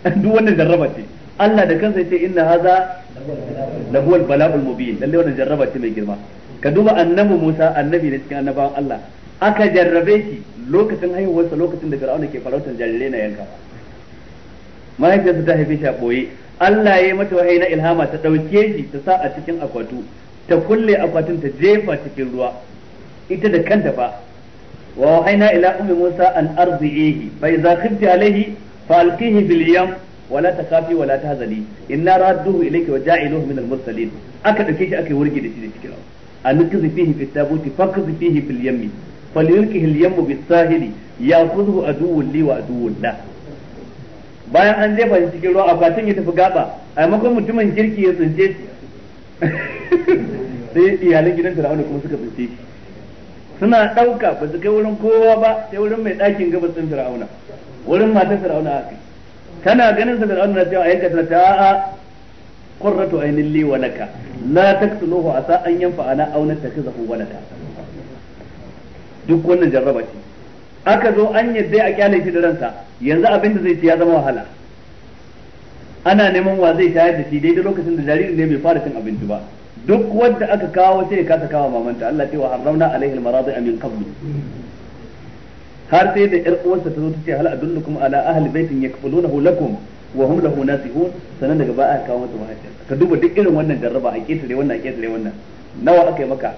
duk wannan jarraba ce Allah da kansa yace inna hadha lahu al-bala'ul mubin lalle wannan jarraba ce mai girma ka duba annabi Musa annabi ne cikin annabawan Allah aka jarrabe shi lokacin haihuwarsa lokacin da Fir'auna ke farautar jarirai na yanka mahaifiyarsa ta haife shi a boye Allah ya yi mata wahayi na ilhama ta ɗauke shi ta sa a cikin akwatu ta kulle akwatin ta jefa cikin ruwa ita da kanta fa wa wahaina ila ummi Musa an arzihi fa idza khifti alayhi fa alqihi bil yam wa la wala tahzani inna radduhu ilayki wa ja'iluhu min al mursalin aka dauke shi aka wurge da shi da cikin ruwa an fihi fi tabuti fakzi fihi fil yammi falyulqihi al yam bis sahili ya'khudhu aduwwun li wa aduwwun lahu bayan an jefa shi cikin ruwa akwatin ya tafi gaba a makon mutumin kirki ya tsince shi sai iyalan gidan fir'auna kuma suka tsince shi suna ɗauka ba su kai wurin kowa ba sai wurin mai dakin gabas ɗin fir'auna wurin matan fir'auna a kai tana ganin sa fir'auna na cewa ayyuka ta a'a qurratu ainin li wa laka la taqtuluhu asa an yanfa ana auna takhizahu walada duk wannan jarraba ce aka zo an yadda a kyale shi da ransa yanzu abin zai ci ya zama wahala ana neman wa zai shayar da shi daidai lokacin da jaririn ne bai fara cin abinci ba duk wanda aka kawo sai ya kasa kawo mamanta Allah ce wa harramna alaihi almaradi amin qabl har sai da yar uwarsa ta zo ta ce hal adullukum ala ahli baitin yakfulunahu lakum wa hum lahu nasihun sanan daga ba a kawo masa mahaifiyarsa ka duba duk irin wannan jarraba a ketare wannan a ketare wannan nawa aka yi maka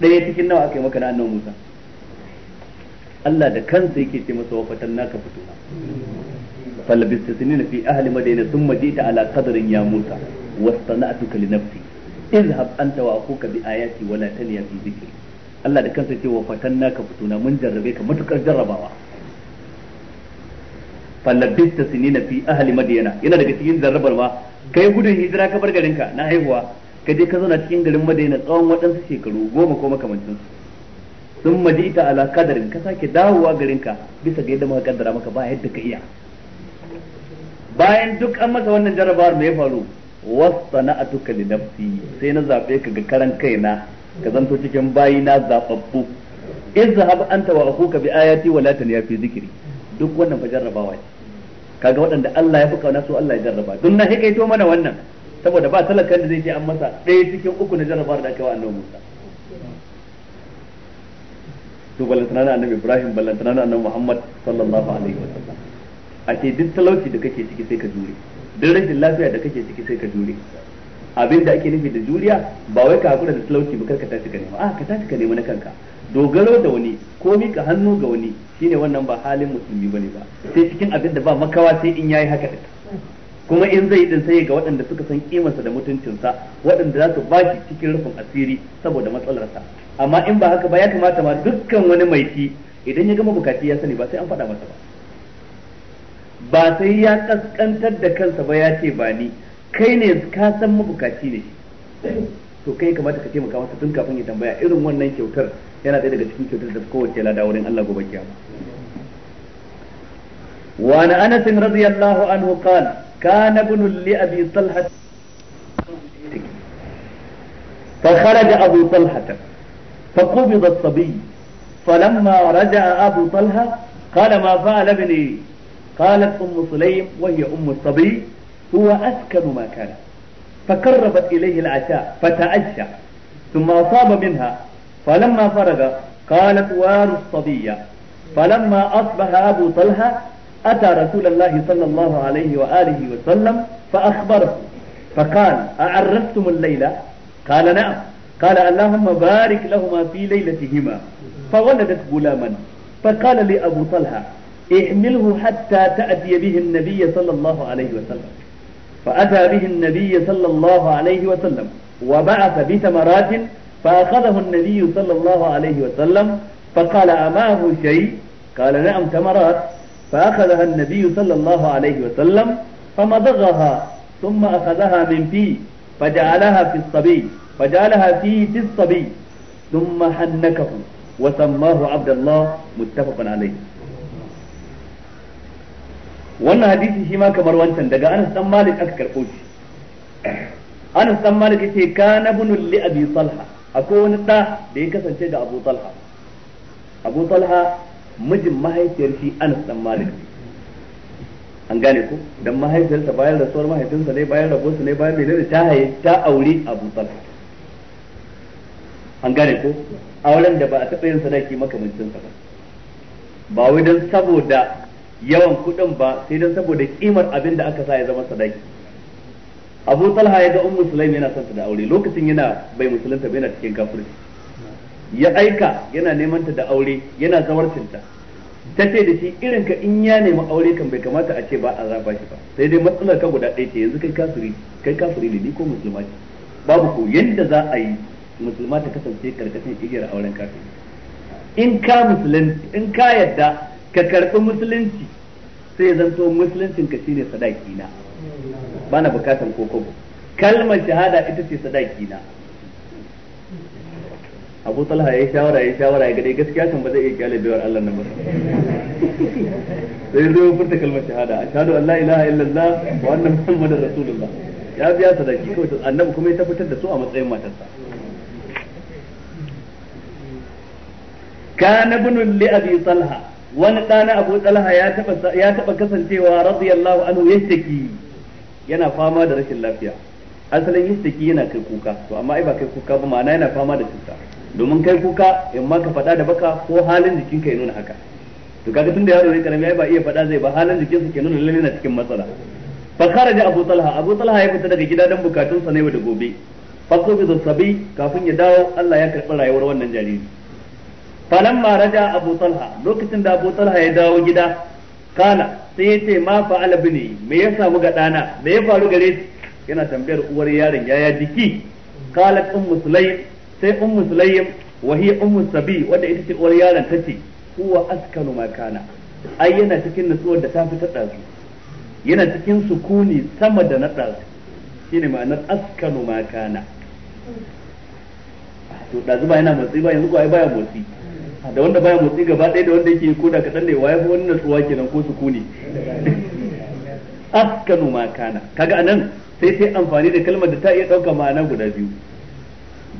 ɗaya cikin nawa aka yi maka na annabi Musa Allah da kansa yake ce masa wa fatanna ka fituna falabista sinina fi ahli madaina sun jita ala qadrin ya musa wastana'tuka li nafsi izhab anta wa akuka bi ayati wala taniya fi dhikri Allah da kansa ce wa fatanna ka fituna mun jarrabe ka matukar jarrabawa falabista sinina fi ahli madaina yana daga cikin jarrabar ma kai gudun hijira ka bar garinka na haihuwa ka je ka zauna cikin garin madaina tsawon waɗansu shekaru goma ko makamancinsu sun maji ita ala kadarin ka sake dawowa garinka bisa ga yadda muka kaddara maka ba yadda ka iya bayan duk an masa wannan jarabawar wasta ya faru tuka da nafsi sai na zaɓe ka ga karan na ka zanto cikin bayi na haɓa an tawa a kuka bi ayati wa na ya fi zikiri duk wannan fa jarrabawa ce kaga waɗanda Allah ya fi kauna su Allah ya jarraba duk na hikaito mana wannan saboda ba talakan da zai je an masa ɗaya cikin uku na jarrabawar da aka yi wa annabi Musa to ballantana na annabi Ibrahim ballantana na annabi Muhammad sallallahu alaihi wa sallam a ce duk talauci da kake ciki sai ka jure duk rashin lafiya da kake ciki sai ka jure abin da ake nufi da juriya ba wai ka hakura da talauci ba ka tashi ka nema a ka tashi ka nema na kanka dogaro da wani ko mika hannu ga wani shine wannan ba halin musulmi bane ba sai cikin abin da ba makawa sai in yayi haka kuma in zai din sai ga waɗanda suka san kimarsa da mutuncinsa waɗanda za su ba shi cikin rufin asiri saboda matsalarsa amma in ba haka ba ya kamata ma dukkan wani mai ci idan ya gama bukaci ya sani ba sai an faɗa masa ba ba sai ya kaskantar da kansa ba ya ce ba ni kai ne ka san mabukaci ne to kai kamata ka taimaka masa tun kafin ya tambaya irin wannan kyautar yana ɗaya daga cikin kyautar da kowace lada wurin Allah gobe kiyama wa ana Anas radiyallahu anhu qala kana ibn li abi talha fa kharaja abu talhata فقبض الصبي فلما رجع أبو طلحة قال ما فعل ابني قالت أم سليم وهي أم الصبي هو أسكن ما كان فقربت إليه العشاء فتعشى ثم أصاب منها فلما فرغ قالت وار الصبي فلما أصبح أبو طلحة أتى رسول الله صلى الله عليه وآله وسلم فأخبره فقال أعرفتم الليلة قال نعم قال اللهم بارك لهما في ليلتهما فولدت غلاما فقال لي أبو طلحة احمله حتى تأتي به النبي صلى الله عليه وسلم فأتى به النبي صلى الله عليه وسلم وبعث بثمرات فأخذه النبي صلى الله عليه وسلم فقال أماه شيء قال نعم ثمرات فأخذها النبي صلى الله عليه وسلم فمضغها ثم أخذها من فيه فجعلها في الصبي فجعلها في الصبي ثم حنكه وسماه عبد الله متفق عليه wannan hadisi shi ma kamar wancan daga Anas dan Malik aka karɓo shi Anas dan Malik yace kana bunul li Abi Talha akwai wani da da ya kasance da Abu Talha Abu Talha mijin mahaifiyar shi Anas dan Malik an gane ko dan mahaifiyarsa bayan rasuwar mahaifinsa ne bayan rabuwarsa ne bayan bai da ta haye ta aure Abu Talha an gane ko auren da ba a taɓa yin sadaki makamancin sa ba ba wai don saboda yawan kuɗin ba sai don saboda kimar abin da aka sa ya zama sadaki abu talha ya ga un musulmi yana son ta da aure lokacin yana bai musulunta ba yana cikin kafirci ya aika yana neman ta da aure yana zawarcinta ta ce da shi irin ka in ya nemi aure kan bai kamata a ce ba a zaba shi ba sai dai matsalar ka guda ɗaya ce yanzu kai kafiri kai kafiri ne ni ko musulma ce babu ko yadda za a yi musulma ta kasance karkashin igiyar auren kafin in ka musulunci in ka yadda ka karɓi musulunci sai ya zanto musuluncin ka shine sadaki na bana bukatan kokobo kalmar shahada ita ce sadaki na Abu Talha ya yi shawara ya yi shawara ya gade gaskiya kan ba zai iya kyale biyar Allah nan ba sai zai furta kalmar shahada a shahadu allah ilaha illallah wa anna muhammadar rasulullah ya biya sadaki kawai annabi kuma ya tabbatar da su a matsayin matarsa كان ابن لأبي طلحة وانا كان أبو طلحة talha ya taba ya taba kasancewa radiyallahu anhu yashtaki yana fama da rashin lafiya asalin yashtaki yana kai kuka to amma ai ba kai kuka ba ma'ana yana fama da cuta domin kai kuka in ma ka faɗa da baka ko halin jikin ka ya nuna haka to kaga tun da yaro ne karami ai ba iya fada zai ba halin jikin sa ke nuna lalle na cikin matsala fa kharaja abu talha abu talha ya fita daga gida dan bukatun sa ne da gobe fa sabi da sabi kafin ya dawo Allah ya karɓi rayuwar wannan jariri falamma raja abu talha lokacin da abu talha ya dawo gida kana sai ya ce ma fa'ala bini me ya samu ga ɗana, me ya faru gare shi yana tambayar uwar yaron yaya jiki Kala ummu sulaym sai ummu sulaym wa hiya ummu sabi wanda ita ce uwar yaron ce, huwa askanu ma kana ai yana cikin nutsuwar da ta fi ta ɗazu. yana cikin sukuni sama da na ɗazu. Shi ne ma'anar askanu ma kana to dazu ba yana motsi ba yanzu ko ai baya motsi da wanda baya motsi gaba ɗaya da wanda yake ko da kaɗan ne waye wani natsuwa kenan ko su sukuni askanu ma kana kaga anan sai sai amfani da kalmar da ta iya ɗauka ma'ana guda biyu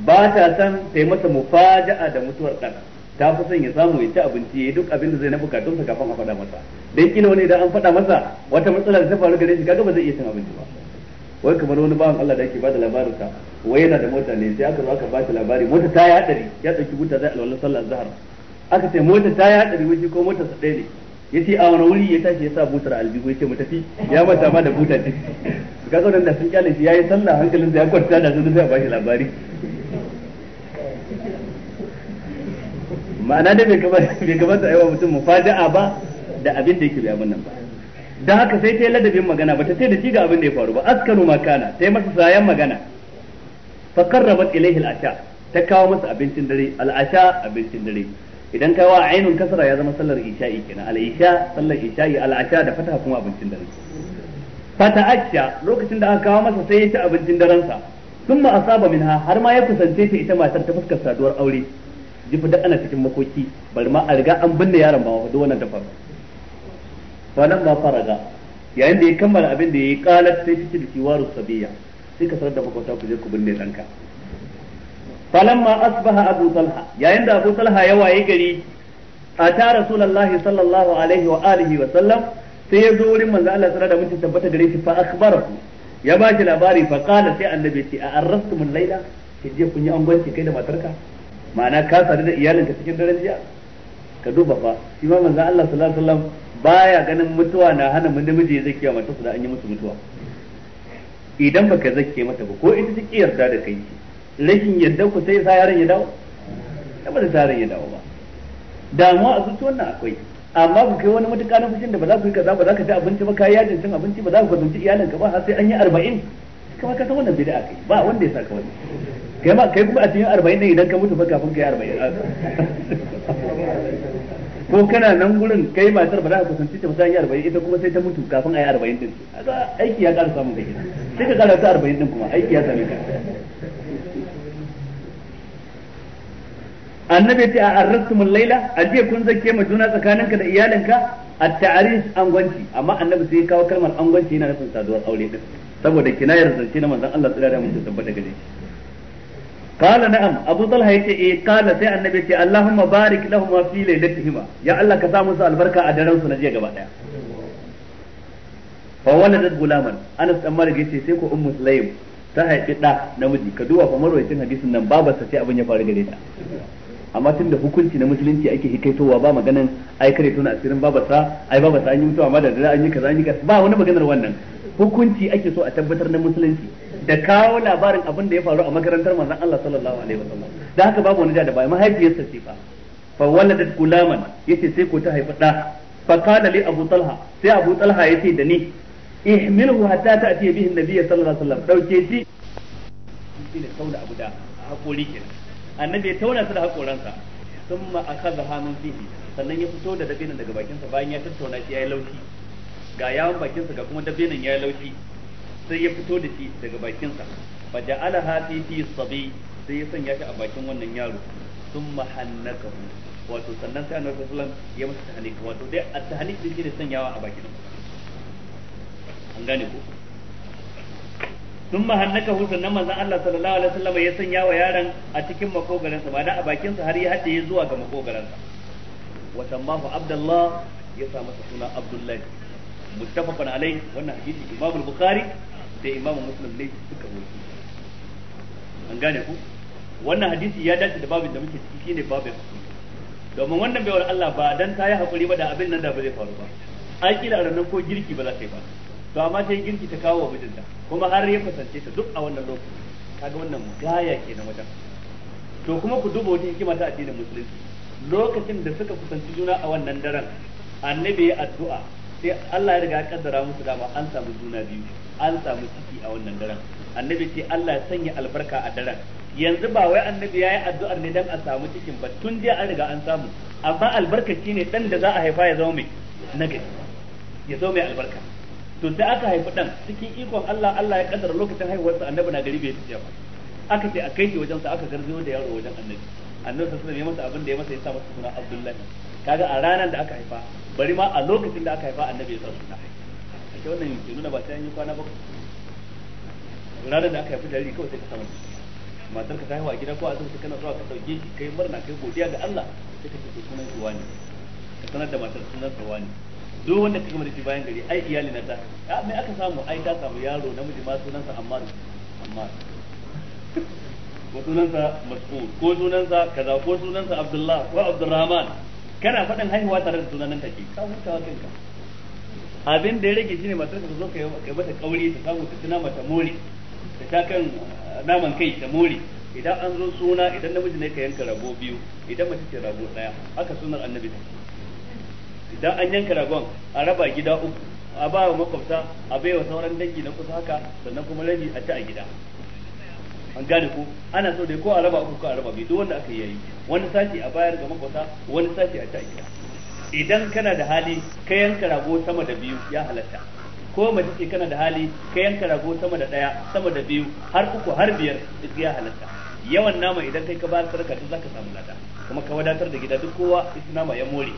ba ta san ta yi masa mufaja'a da mutuwar ɗan ta fi son ya samu ya ci abinci ya yi duk abin da zai na bukatunsa kafin a faɗa masa dan kila wani idan an faɗa masa wata matsala da ta faru gare shi kaga ba zai iya cin abinci ba wai kamar wani bawan Allah da ke bada labarin ka wai yana da mota ne sai aka zo aka ba shi labari mota ta yi hadari ya ɗauki buta zai alwala sallar zahar aka ce mota ta ya haɗa riwaji ko mota sa ɗaya ne ya ce a wani wuri ya tashi ya sa butar aljihu ya ce mu tafi ya manta ma da buta ce ga tsoron da sun kyale shi ya yi sallah hankalin da ya kwanta da sun zai ba shi labari ma'ana da bai kamata a yi wa mutum mufada'a ba da abin da yake bai abin nan ba don haka sai ta yi ladabin magana ba ta sai da shi ga abin da ya faru ba askaru makana ta yi masa sayan magana fa karrabat ilaihi al-asha ta kawo masa abincin dare al-asha abincin dare idan kai wa ainun kasara ya zama sallar isha'i kenan al isha sallar isha'i al asha da fataha kuma abincin daren fata asha lokacin da aka kawo masa sai ya ci abincin daren sa thumma asaba minha har ma ya kusance ta ita matar ta fuskar saduwar aure jifa da ana cikin makoki bari ma a riga an binne yaron ba wa duk wannan tafar wannan ba faraga yayin da ya kammala abin da ya yi kalar sai ta ci da kiwaru sabiya sai ka sanar da makota ku je ku binne danka falamma asbaha abu talha yayin da abu talha ya waye gari a ta rasulullahi sallallahu alaihi wa alihi wa sallam sai ya zo wurin manzo Allah sallallahu alaihi wa tabbata gare shi fa akhbarahu ya ba shi labari fa qala sai annabi ce a arrastumul laila kin je kun yi angwanci kai da matarka ma'ana ka sadu da iyalinka cikin daren jiya ka duba fa shi ma manzo Allah sallallahu alaihi wa sallam baya ganin mutuwa na hana mun da namiji ya zakiya matarsa da an yi musu mutuwa idan baka zakke mata ba ko ita take yarda da kai rashin yadda ku sai sa yaron ya dawo ba da yaron ya dawo ba damuwa a zuci wannan akwai amma ku kai wani matuƙa na fushin da ba za ku yi kaza ba za ka ci abinci ba kayi yajin cin abinci ba za ku iyalin ka ba har sai an yi arba'in Kama ka san wannan bid'a akai ba wanda ya ka wani kai ma kai kuma a cikin arba'in ne idan ka mutu fa kafin kai arba'in ko kana nan gurin kai matar ba za ka kusanci ta musan yi arba'in ita kuma sai ta mutu kafin a yi arba'in din aiki ya ƙara samun kai sai ka kara ta arba'in din kuma aiki ya same ka annabi ta a mun laila a jiya kun zake ma juna tsakaninka da iyalinka at-ta'aris angwanci amma annabi sai ya kawo kalmar angwanci yana nufin saduwar aure din saboda kinayar zance na manzon Allah tsira da mun tabbata gare shi qala na'am abu talha yace eh qala sai annabi ce allahumma barik lahum fi laylatihima ya Allah ka sa musu albarka a daren su na jiya gaba daya fa dad gulaman anas dan malik yace sai ko ummu sulaim ta haifi da namiji ka duba fa marwayin hadisin nan babarsa sai abin ya faru gare ta amma tun da hukunci na musulunci ake hikaitowa ba maganan ai kare tona asirin babasa ai babasa an yi mutuwa amma da dare an yi kaza an yi kaza ba wani maganar wannan hukunci ake so a tabbatar na musulunci da kawo labarin abin da ya faru a makarantar manzon Allah sallallahu alaihi wasallam da haka babu wani da da mahaifiyarsa ce fa fa waladat gulaman yace sai ko ta haifa da fa kana li abu talha sai abu talha yace da ni ihmilhu hatta ta'ti bihi an sallallahu alaihi wasallam dauke shi ne sauda abu da hakuri kenan annabi ya tauna su da hakoransa thumma akhadha min fihi sannan ya fito da dabinan daga bakinsa bayan ya tattauna shi yi laushi ga yawon bakinsa ga kuma dabinan yi laushi sai ya fito da shi daga bakinsa da ala hafi fi sabi sai ya sanya shi a bakin wannan yaro sun hannakahu wato sannan sai annabi sallallahu alaihi wasallam ya masa tahnik wato dai a tahnik din shi ne sanyawa a bakin an gane ko sun mahannaka hu sannan manzon Allah sallallahu alaihi wasallam ya sanya wa yaran a cikin makogaransa ba da a bakin sa har ya hade zuwa ga makogaransa wa tammahu abdullah ya sa masa suna abdullahi muttafaqun alai wannan hadisi imamu bukhari da imamu muslim ne suka rawaito an gane ku wannan hadisi ya dace da babin da muke ciki shine babin domin wannan bai wa Allah ba dan ta yi hakuri ba da abin nan da ba zai faru ba ai kila a ranar ko girki ba za ta yi ba to amma sai girki ta kawo wa mijinta kuma har ya kusance ta duk a wannan lokaci kaga wannan gaya ke na wajen to kuma ku duba wata hikima ta addinin musulunci lokacin da suka kusanci juna a wannan daren annabi ya addu'a sai Allah ya riga ya kaddara musu dama an samu juna biyu an samu ciki a wannan daren annabi ce Allah ya sanya albarka a daren yanzu ba wai annabi ya yi addu'ar ne dan a samu cikin ba tun jiya an riga an samu amma albarka shine dan da za a haifa ya zama mai nagari ya zama mai albarka to da aka haifi dan cikin ikon Allah Allah ya kaddara lokacin sa annabi na gari bai tafiya ba aka ce a kai shi wajen sa aka garzayo da yaro wajen annabi annabi sai alaihi ya masa abin da ya masa ya sa masa suna Abdullahi kaga a ranar da aka haifa bari ma a lokacin da aka haifa annabi ya sa suna a ce wannan yake nuna ba ta yi kwana ba ranar da aka haifi jariri kawai sai ka samu matar ka ta gida ko a zuwa kana zuwa ka dauke shi kai murna kai godiya ga Allah sai ka ce sunan shi wani ka sanar da matar sunan sa wani duk wanda ka gama da shi bayan gari ai iyali na ta ya mai aka samu ai ta samu yaro namiji ma sunansa amma Ammar ko sunansa mas'ud ko sunansa kaza ko sunansa abdullah ko abdurrahman kana faɗin haihuwa tare da sunan nan take ka hutawa kanka abin da ya rage shine matar ka zo kai mata kauri ta samu ta tuna mata mori ta ta kan ah, naman kai ta mori idan an zo suna idan namiji ne ka yanka rabo biyu idan mace ce rabo daya haka sunan annabi take idan an yanka ragon a raba gida uku a ba wa makwabta a bai wa sauran dangi na kusa haka sannan kuma rabi a ta a gida an gane ko ana so dai ko a raba uku ko a raba biyu duk wanda aka yi wani sati a bayar ga makwabta wani sati a ta a gida idan kana da hali ka yanka rago sama da biyu ya halatta ko mace ce kana da hali ka yanka rago sama da daya sama da biyu har uku har biyar duk ya halatta yawan nama idan kai ka ba sarka duk zaka samu lada kuma ka wadatar da gida duk kowa ita ya more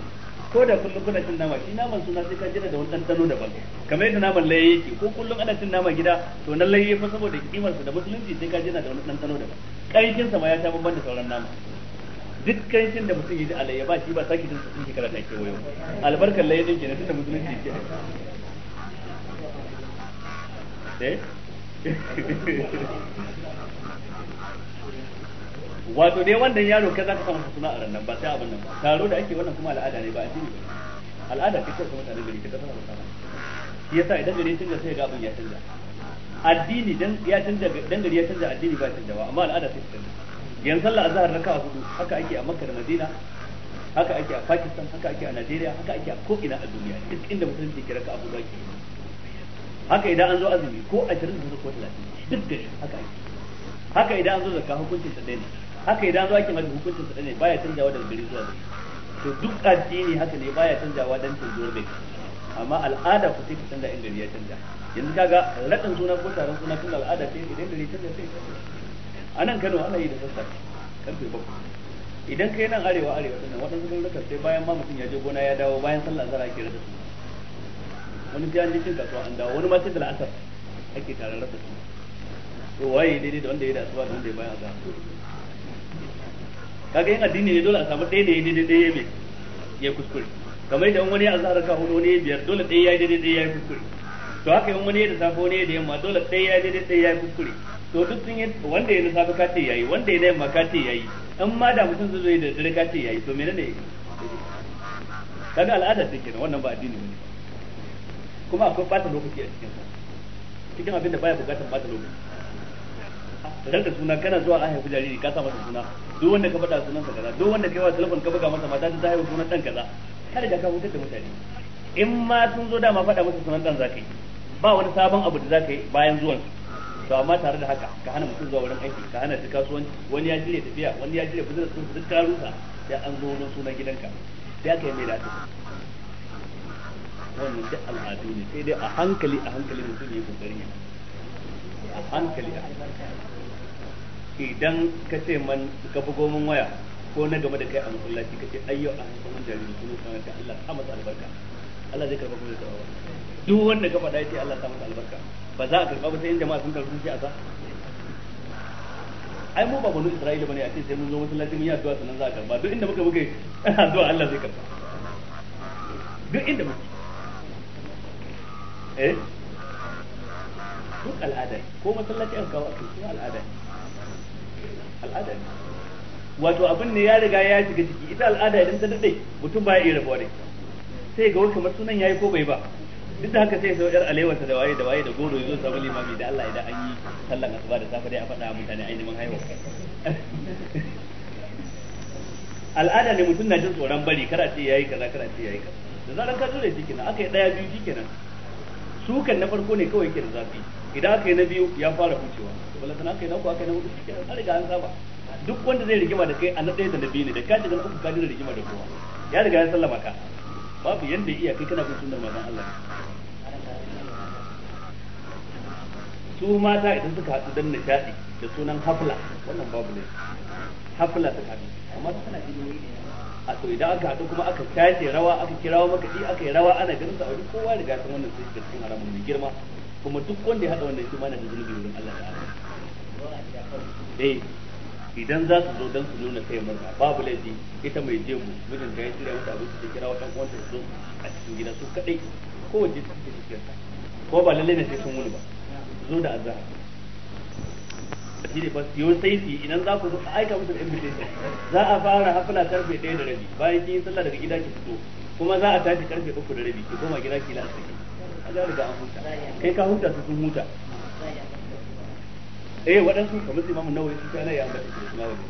ko da kullum kuna cin nama shi naman suna sai ka jira da wani dandano daban kamar yadda naman laye yake ko kullum ana cin nama gida to na laye fa saboda kimarsa da musulunci sai ka jira da wani dandano daban ƙarfin sa ma ya sha bamban da sauran nama duk ƙarfin da mutum ya ji alayya ba shi ba sake jin sun shekara ta ke wayo albarkar laye din kenan tunda musulunci ke eh wato dai wannan yaro kai zaka samu suna a rannan ba sai abin nan ba taro da ake wannan kuma al'ada ne ba a ba al'ada ce kawai mutane gari ta kasar mutane shi yasa idan gari canza sai ga abin ya canza addini dan ya canza dan gari ya canza addini ba canza ba amma al'ada sai canza Yan sallah azhar raka hudu haka ake a Makka da Madina haka ake a Pakistan haka ake a Najeriya haka ake a ko ina a duniya duk inda mutum ke raka abu zaki haka idan an zo azumi ko 20 ko 30 duk gari haka ake haka idan an zo zakka hukuncin sa ne haka idan zuwa kin hukuncin sa ne baya canjawa daga gari zuwa gari to duk addini haka ne baya canjawa dan zuwa gari amma al'ada ku sai ka canza in gari ya canja yanzu kaga raɗin suna ko taron suna tun al'ada ce idan gari canja sai a nan Kano ana yi da sassafe karfe bakwai idan kai nan arewa arewa sannan waɗansu garuruka sai bayan ma mutum ya je gona ya dawo bayan sallah zara ake rasa su wani ji an ji cin kasuwa an dawo wani ma sai da la'asar ake taron rasa su to waye daidai da wanda ya da asuba da wanda ya bayan azhar kaga yin addini ne dole a samu ɗaya da ya daidai ɗaya mai ya kuskure kamar idan wani ya azhar ka hudu ne biyar dole ɗaya ya daidai ɗaya ya kuskure to haka yin wani ya da safe wani ya da yamma dole ɗaya ya daidai ɗaya ya kuskure to duk sun yi wanda ya na safe ka ce yayi wanda ya na yamma ka ce yayi in ma da mutum zai zo da dare ka ce yayi to menene kaga al'ada ce kenan wannan ba addini ne kuma akwai fata lokaci a cikin cikin abin da baya bukatar fata lokaci ranka suna kana zuwa a haifi jariri ka sa masa suna duk wanda ka faɗa sunansa kaza duk wanda kai wa telefon ka buga masa mata ta haifi sunan dan kaza kada riga ka hutar da mutane in ma sun zo dama faɗa masa sunan dan zaka yi ba wani sabon abu da zaka yi bayan zuwan su to amma tare da haka ka hana mutum zuwa wurin aiki ka hana shi kasuwanci wani ya jire tafiya wani ya jire kudin sun duk karusa sai an zo wurin sunan gidanka sai aka yi mai da wannan duk al'adu ne sai dai a hankali a hankali mutum ya yi kokarin a hankali a hankali idan ka ce man ka bugo min waya ko na game da kai a masallaci ka ce ayyo a haifar mun jariri kuma sanar da Allah ta masa albarka Allah zai karɓa kuma karɓa duk wanda ka faɗa ce Allah ta masa albarka ba za a karɓa ba sai in jama'a sun karɓi sai a sa ai mu ba banu Isra'ila bane a ce sai mun zo masallaci mun yi addu'a sannan za a karɓa duk inda muka muke addu'a Allah zai karɓa duk inda muke eh duk al'ada ko masallaci an kawo a cikin al'ada ne al'ada ne wato abin ne ya riga ya shiga ciki ita al'ada idan ta dade mutum ba ya iya rabuwa da ita sai ga kamar sunan yayi ko bai ba duk da haka sai sau yar alewarsa da waye da waye da goro yazo samu limami da Allah idan an yi sallan asuba da safe dai a faɗa mutane ainihin haihuwa al'ada ne mutum na jin tsoron bari kada ce yayi kaza kada ce yayi kaza da zaran ka dole shi kenan aka yi daya biyu shi kenan sukan na farko ne kawai ke da zafi idan aka yi na biyu ya fara kucewa to balla sana aka yi na uku aka yi na hudu shi an riga an saba duk wanda zai rigima da kai a na ɗaya da na biyu ne da ka shiga na uku ka jira rigima da kowa ya riga ya sallama ka babu yanda iya kai kana bin sunnar manzon Allah su mata idan suka haɗu dan nishaɗi da sunan hafla wannan babu ne hafla ta haɗu amma su tana ilimi a to idan aka haɗu kuma aka tace rawa aka maka makaɗi aka yi rawa ana ganin sa a kowa riga sun wannan sai cikin haramun mai girma kuma duk wanda ya haɗa wannan shi ma na da zunubi wurin Allah ta'ala eh idan za su zo don su nuna kai murna babu laifi ita mai jebu mijin ta ya shirya wata abinci ta kira wata uwanta su a cikin gida su kadai kowace su ke cikin ko ba lallai ne sai sun wuni ba zo da azhar shi ne ba su yi sai su idan za ku zo aika musu invitation za a fara hafla karfe 1 da rabi bayan kin sallah daga gida ki fito kuma za a tashi karfe 3 da rabi ki koma gida ki la'asar an riga an huta kai ka huta su sun huta eh waɗansu kamar su imamu nawawi su kana ya ambata su na wani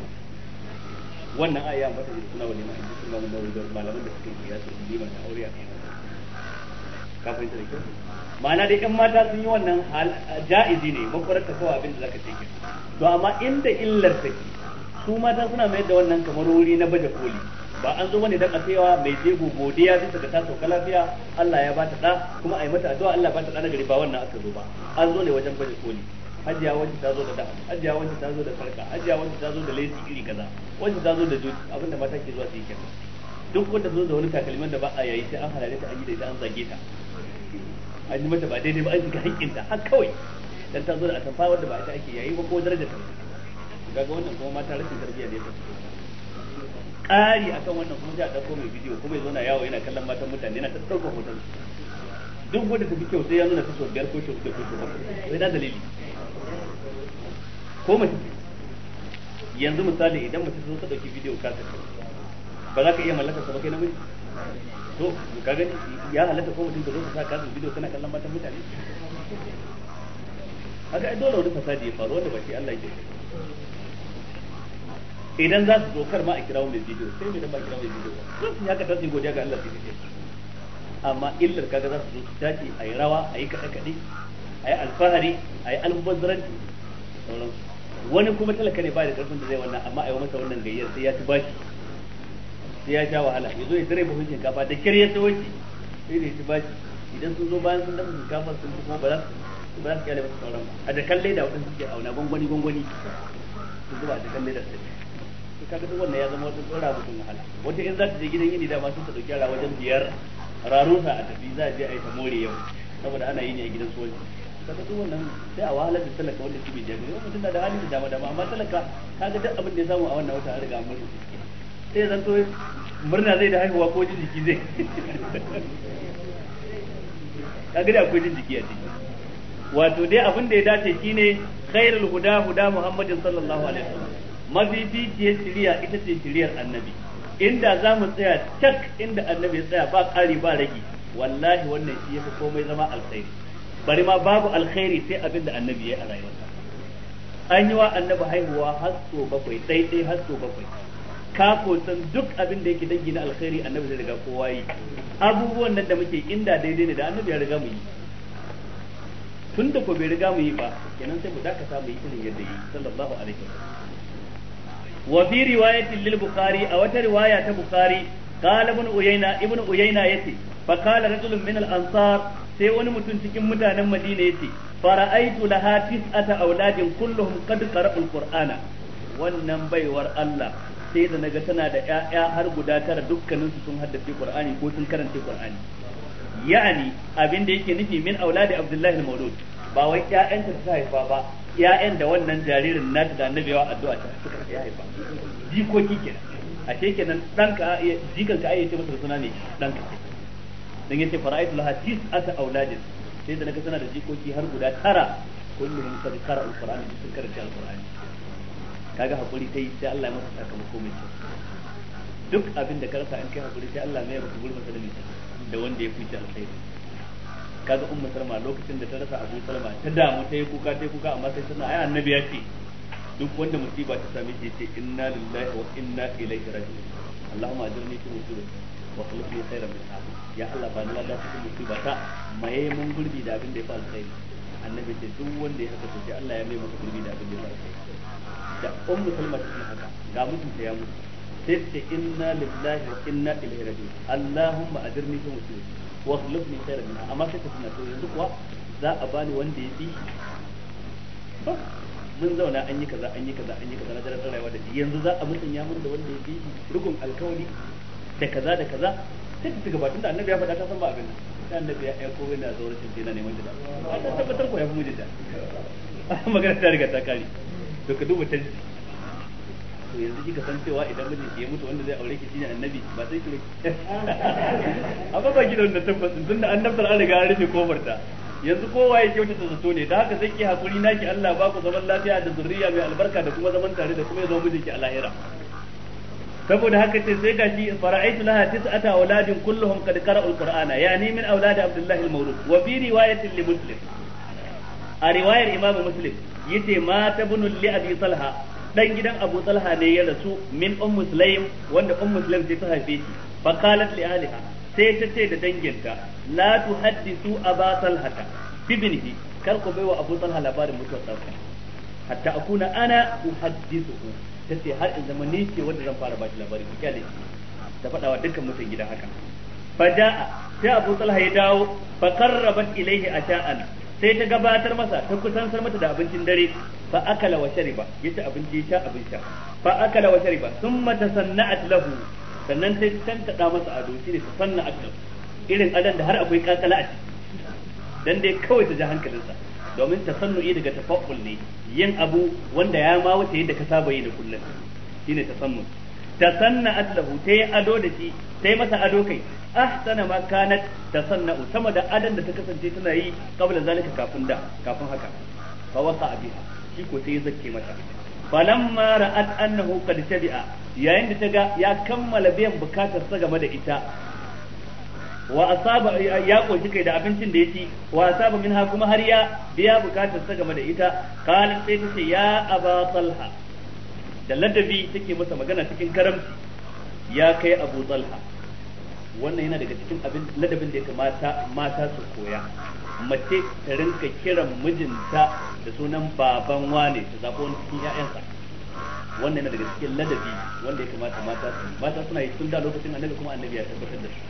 wannan a ya ambata su suna wani ma in su imamu nawawi da malaman da suke yi ya su yi da aure a kai ka fahimta da kyau ma'ana dai yan mata sun yi wannan ja'izi ne makwararta kawai abin da zaka ce ke to amma inda illar take su mata suna mayar da wannan kamar wuri na baje koli ba an zo bane dan a cewa mai jego godiya bisa ga ta sauka lafiya Allah ya bata da kuma ai mata addu'a Allah bata da na gari ba wannan aka zo ba an zo ne wajen baje koli hajiya wanda ta zo da da. hajiya wanda ta zo da sarka hajiya wanda ta zo da lesi iri kaza wanda ta zo da jodi. abinda mata ke zuwa su yi kenan duk wanda zo da wani takalmin da ba a yayi sai an halale ta an yi da ita an zage ta an yi mata ba daidai ba an shiga haƙƙinta har kawai dan ta zo da atamfa wanda ba ita ake yayi ba ko darajar ta ga wannan kuma mata rashin tarbiyya ne ta ƙari akan wannan kuma sai a ɗauko mai bidiyo kuma ya na yawo yana kallon matan mutane yana ta ɗaukar hoton duk wanda ta kyau sai ya nuna kaso biyar ko shekaru ko shekaru sai da dalili ko mace yanzu misali idan mace sun sa ɗauki bidiyo ka ba za ka iya mallaka sa ba kai namiji to ka gani ya halatta ko mutum ka zo sa kasin bidiyo kana kallon matan mutane haka ai dole wani fasadi ya faru wanda ba shi Allah ya idan za su dokar ma a kira mai bidiyo sai mai ba kira mai bidiyo ba sun ya ka tasiri godiya ga Allah sai amma illar kaga za su zo su tace a yi rawa a yi kaɗe-kaɗe a yi alfahari a yi almubazzaranci wani kuma talaka ne ba da karfin da zai wannan amma a yi masa wannan gayyar sai ya ci bashi sai ya sha wahala ya zo ya tare buhun shinkafa da kyar ya tsawo sai da ya ci bashi idan sun zo bayan sun dafa shinkafa sun ci kuma ba za su ba za su kyale masa sauran ba a da kalle da waɗanda suke auna gwangwani gwangwani sun zuba a da kalle da su kaga duk wannan ya zama wata tsora mutum wahala wata in za ta je gidan yini da ma sun ta dauki yara wajen biyar rarusa a tafi za a je a yi ta more yau saboda ana yi ne a gidan su wani kaga duk wannan sai a wahalar da talaka wanda su bai jami'a wani mutum na da hali da dama dama amma talaka kaga duk abin da ya samu a wannan wata an riga an murna sai zan to murna zai da haihuwa ko jin jiki zai kaga da akwai jin jiki a ciki wato dai abin da ya dace shine khairul huda huda muhammadin sallallahu alaihi wasallam mafificiyar shirya ita ce shiryar annabi inda za mu tsaya cak inda annabi ya tsaya ba ƙari ba rage wallahi wannan shi yafi komai zama alkhairi bari ma babu alkhairi sai abin da annabi ya yi a rayuwarsa an yi wa annabi haihuwa har so bakwai sai dai har so bakwai ka san duk abin da yake dangi na alkhairi annabi zai riga kowa yi abubuwan nan da muke inda daidai ne da annabi ya riga mu yi tun da ko bai riga mu yi ba kenan sai mu dakata mu yi irin yadda yi sallallahu alaihi wasallam wa fi riwayatin lil a wata riwaya ta bukhari qala ibn uyayna ibn uyayna yace fa qala rajulun ansar sai wani mutum cikin mutanen madina yace fara'aitu laha ta auladin kullum qad qara'ul qur'ana wannan baiwar Allah sai da naga tana da ƴaƴa har guda tara dukkanin sun haddace kur'ani ko sun karanta kur'ani yani abin da yake nufi min auladi abdullahi al-mawlud ba wai ƴaƴan ta haifa ba ƴaƴan da wannan jaririn na da annabiyawa addu'a ta suka ya haifa jikoki kenan ce kenan ka jikan ka ayyace masa suna ne ka dan yace fara'aitu laha ata auladin sai da naga tana da jikoki har guda tara kullum qad qara al-qur'an sun karanta al-qur'an kaga hakuri kai sai Allah ya masa sakamako mai kyau duk abin da ka rasa in kai hakuri sai Allah mai maka gurbin da da wanda ya fice alkhairi kaga ummu salma lokacin da ta rasa abu salma ta damu ta yi kuka ta yi kuka amma sai tana ai annabi ya ce duk wanda musiba ta same shi ce inna lillahi wa inna ilaihi raji'un allahumma ajirni fi musibati wa khlif li min ta'ab ya allah ba na da cikin musiba ta maye mun gurbi da abin da ya faru kai annabi ce duk wanda ya haka to allah ya mai maka gurbi da abin da ya faru kai da ummu salma ta haka ga mutunta ya mutu sai ce inna lillahi wa inna ilaihi raji'un allahumma ajirni fi musibati wa khulufni khairan minha amma sai ka tuna to yanzu kuwa za a bani wanda ya fi mun zauna an yi kaza an yi kaza an yi kaza na daren rayuwa da yanzu za a musanya mun da wanda ya fi rukun alkawari da kaza da kaza sai ka tuka batun da annabi ya faɗa ta san ba abin da annabi ya aiko yana zaure cin ne mun da a ta tabbatar ko ya fi mujida magana ta riga ta kare to ka duba tajji to yanzu kika san cewa idan mijin ki ya mutu wanda zai aure ki shine annabi ba sai ki amma ba ki da wannan tabbacin tunda annabtar an riga an rufe kofarta. yanzu kowa ya kyautata zato ne da haka sai ki hakuri naki Allah ba ku zaman lafiya da zurriya mai albarka da kuma zaman tare da kuma ya zama mijinki a lahira saboda haka ce sai gashi fara'aitu laha tis'ata auladin kulluhum qad qara'u qur'ana yani min auladi abdullahi al-mawlud wa fi riwayatin li muslim a riwayar imamu muslim yace ma tabnu li abi talha dan gidan Abu Talha ne ya rasu min ummu Muslim wanda ummu Muslim ce ta haife shi fa qalat li aliha sai ta ce da danginta la tuhaddisu Aba Talha bibnihi kar ku baiwa Abu Talha labarin mutuwar ɗansa hatta akuna ana uhaddisuhu ce har in zama ni ce wanda zan fara bashi labarin ku kyale ta faɗa wa dukkan mutan gidan haka fa ja'a sai Abu Talha ya dawo fa qarrabat ilaihi asha'an sai ta gabatar masa ta sar mata da abincin dare fa akala wa shariba yace abinci sha abin sha fa akala wa shariba thumma tasanna'at lahu sannan ta tantada masa ado shine tasanna'at lahu irin adan da har akwai kakala a ciki dan dai kawai ta ji hankalinsa domin tasannu'i daga tafakkul ne yin abu wanda ya ma wuce yadda ka saba yi da kullum shine tasannu'i Ta sanna allahu ta yi ado da shi ta yi masa ado kai ahsana ma kanat sanna sama da adan da ta kasance tana yi kabla zalika kafin da kafin haka fa wasa biha shi ko sai zakke mata falamma ra'at annahu qad tabi'a yayin da ta ga ya kammala biyan bukatar sa game da ita wa asaba ya koshi kai da abincin da yake wa asaba ha kuma har ya biya bukatar sa game da ita qalat sai ta ce ya aba talha da ladabi take masa magana cikin karamci ya kai Abu Talha wannan yana daga cikin abin ladabin da ya kamata mata su koya mace ta rinka kiran mijinta da sunan baban wane ta zaɓo wani cikin ƴaƴansa wannan yana daga cikin ladabi wanda ya kamata mata su mata suna yi tun da lokacin annabi kuma annabi ya tabbatar da su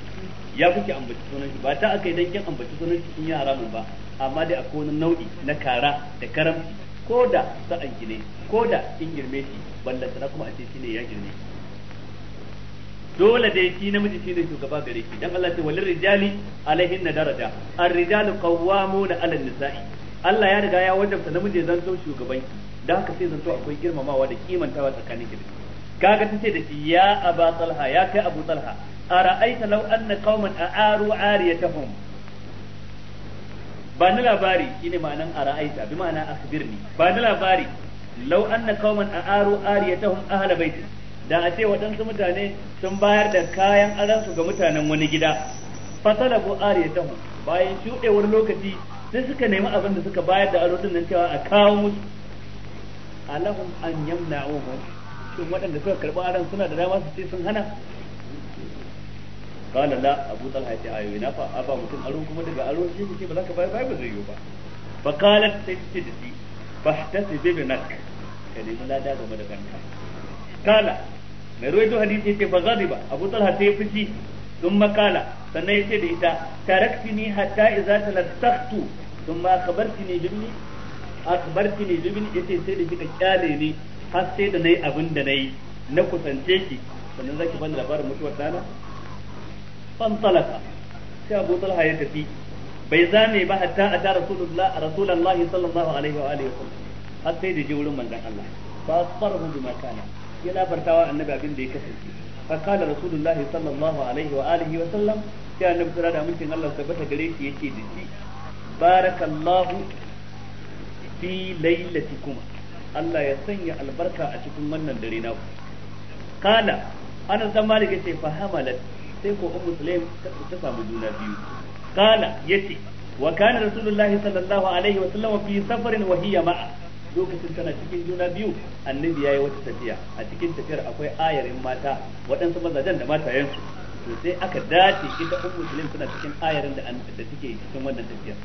ya kuke ambaci sunan shi ba ta aka yi dan kin ambaci sunan shi cikin yara mun ba amma dai akwai wani nau'i na kara da karamci ko da sa'an ki ko da in girme shi balla sana kuma a ce shine ya girme dole dai shi namiji shine shugaba gare shi dan Allah ce walir rijali na daraja ar-rijalu qawwamuna 'ala an-nisa'i Allah ya riga ya wajabta namiji zan so shugaban ki dan haka sai zan so akwai girmamawa da kimantawa tsakanin ki kaga tace da shi ya aba talha ya kai abu talha ara'aita law anna qauman a'aru ariyatahum ba ni labari shine ma'anan ra'aita bi ma'ana akhbirni ba ni labari law anna qauman a'aru ariyatahum ahla baiti da a ce waɗansu mutane sun bayar da kayan aransu ga mutanen wani gida fatalabu ariyatahum bayan shudewar lokaci sai suka nemi abin da suka bayar da aro nan cewa a kawo musu alahum an yamna'uhum shin waɗanda suka karɓi aran suna da dama su ce sun hana qala la abu talha ya ce ayo ina fa ba mutum aro kuma daga aro shi kike ba za ka bayar ba zai yiwu ba fa qalat sai ce da shi fahtasibi bi nak ka nemi lada game da kanka kala mai ruwaito hadisi yace fa ghadiba abu talha sai fushi ثم قال sannan ya ce da ita taraktini hatta idza talastakhtu thumma akhbartini bibni akhbartini bibni yace sai da kika kyale ni har sai da nayi abin da nayi na kusance ki sannan za zaki bani labarin mutuwar dana fantalaka sai Abu Talha ya tafi bai zame ba hatta a ta Rasulullah Rasulullahi sallallahu alaihi wa alihi wasallam har sai da je wurin manzon Allah fa asfarahu bima kana ya labartawa annabi abin da ya kasance fa kana Rasulullahi sallallahu alaihi wa alihi wasallam sai annabi sura da amincin Allah tabbata gare shi yake da shi barakallahu fi lailatikum Allah ya sanya albarka a cikin wannan dare naku kala Anas dan Malik yace sai ko ummu sulaim ta samu juna biyu qala yace wa kana rasulullahi sallallahu alaihi wa sallam fi safarin wa hiya ma'a lokacin tana cikin juna biyu annabi yayi wata tafiya a cikin tafiyar akwai ayarin mata waɗansu mazajen da matayensu to sai aka dace ita ummu sulaim tana cikin ayarin da da take cikin wannan tafiyar